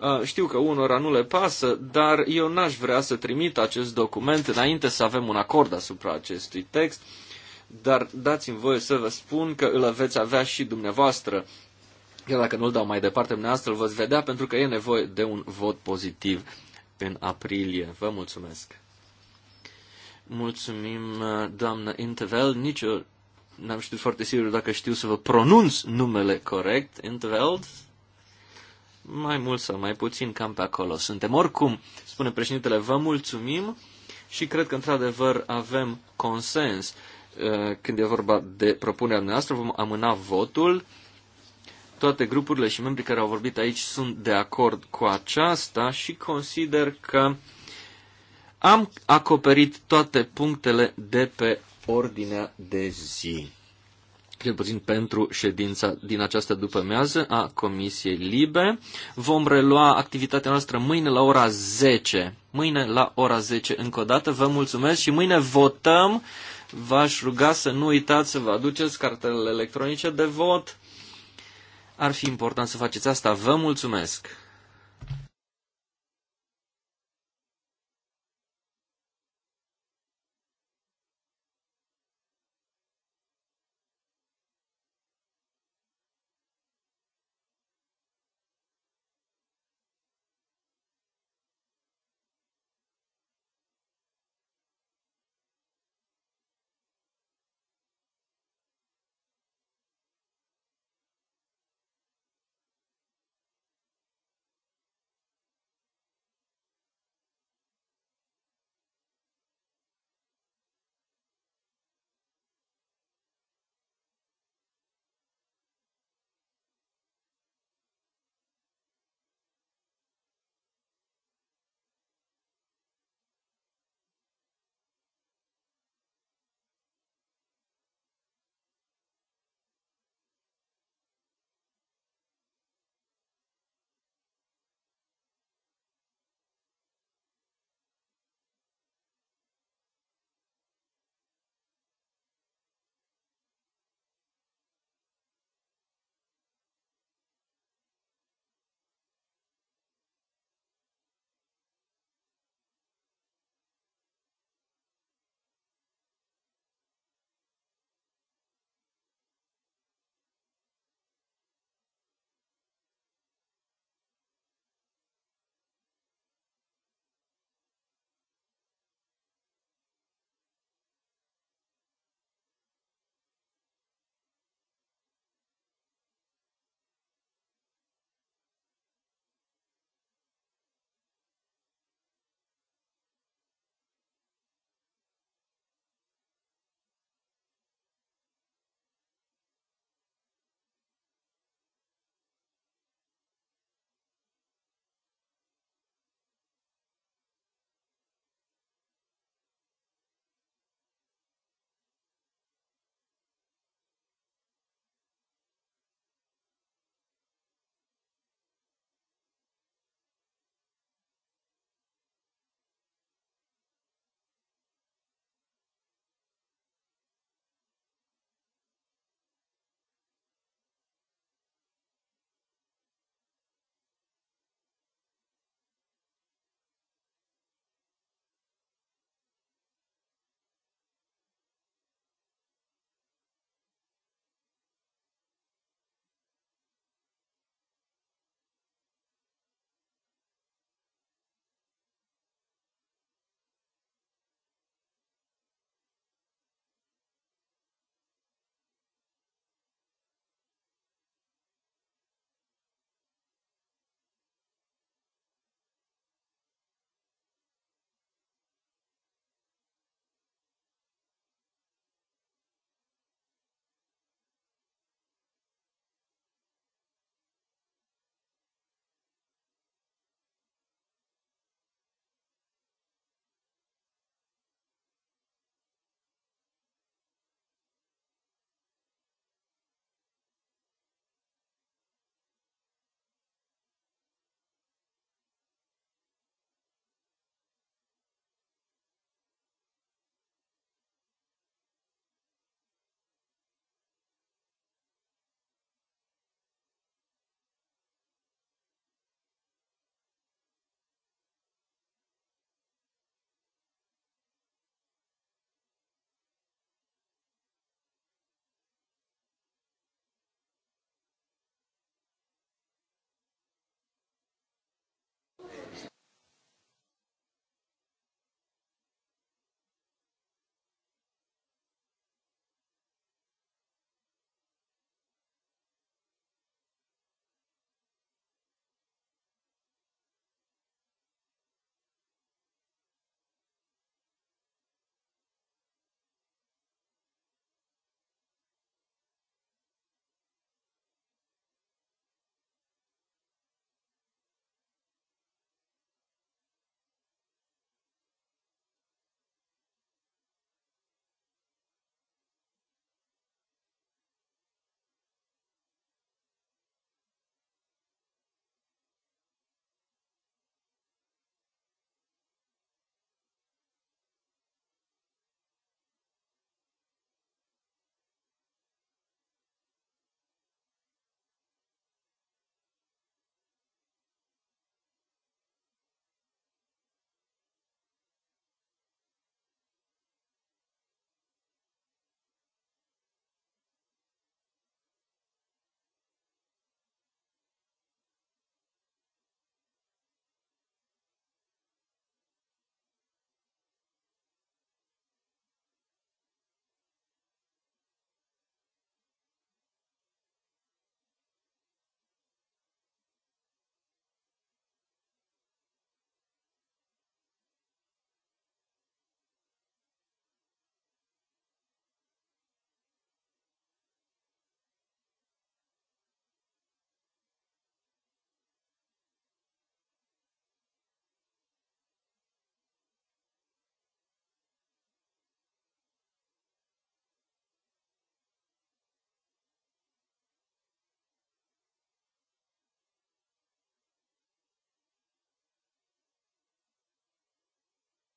Eh, știu că unora nu le pasă, dar eu n-aș vrea să trimit acest document înainte să avem un acord asupra acestui text dar dați-mi voie să vă spun că îl veți avea și dumneavoastră. Iar dacă nu-l dau mai departe dumneavoastră, îl veți vedea pentru că e nevoie de un vot pozitiv în aprilie. Vă mulțumesc! Mulțumim, doamnă Intervel. Nici eu n-am știut foarte sigur dacă știu să vă pronunț numele corect, Intervel. Mai mult sau mai puțin, cam pe acolo suntem. Oricum, spune președintele, vă mulțumim și cred că într-adevăr avem consens Uh, când e vorba de propunerea noastră, vom amâna votul. Toate grupurile și membrii care au vorbit aici sunt de acord cu aceasta și consider că am acoperit toate punctele de pe ordinea de zi. Cel puțin pentru ședința din această după-mează a Comisiei Libe. Vom relua activitatea noastră mâine la ora 10. Mâine la ora 10 încă o dată. Vă mulțumesc și mâine votăm v-aș ruga să nu uitați să vă aduceți cartelele electronice de vot. Ar fi important să faceți asta. Vă mulțumesc!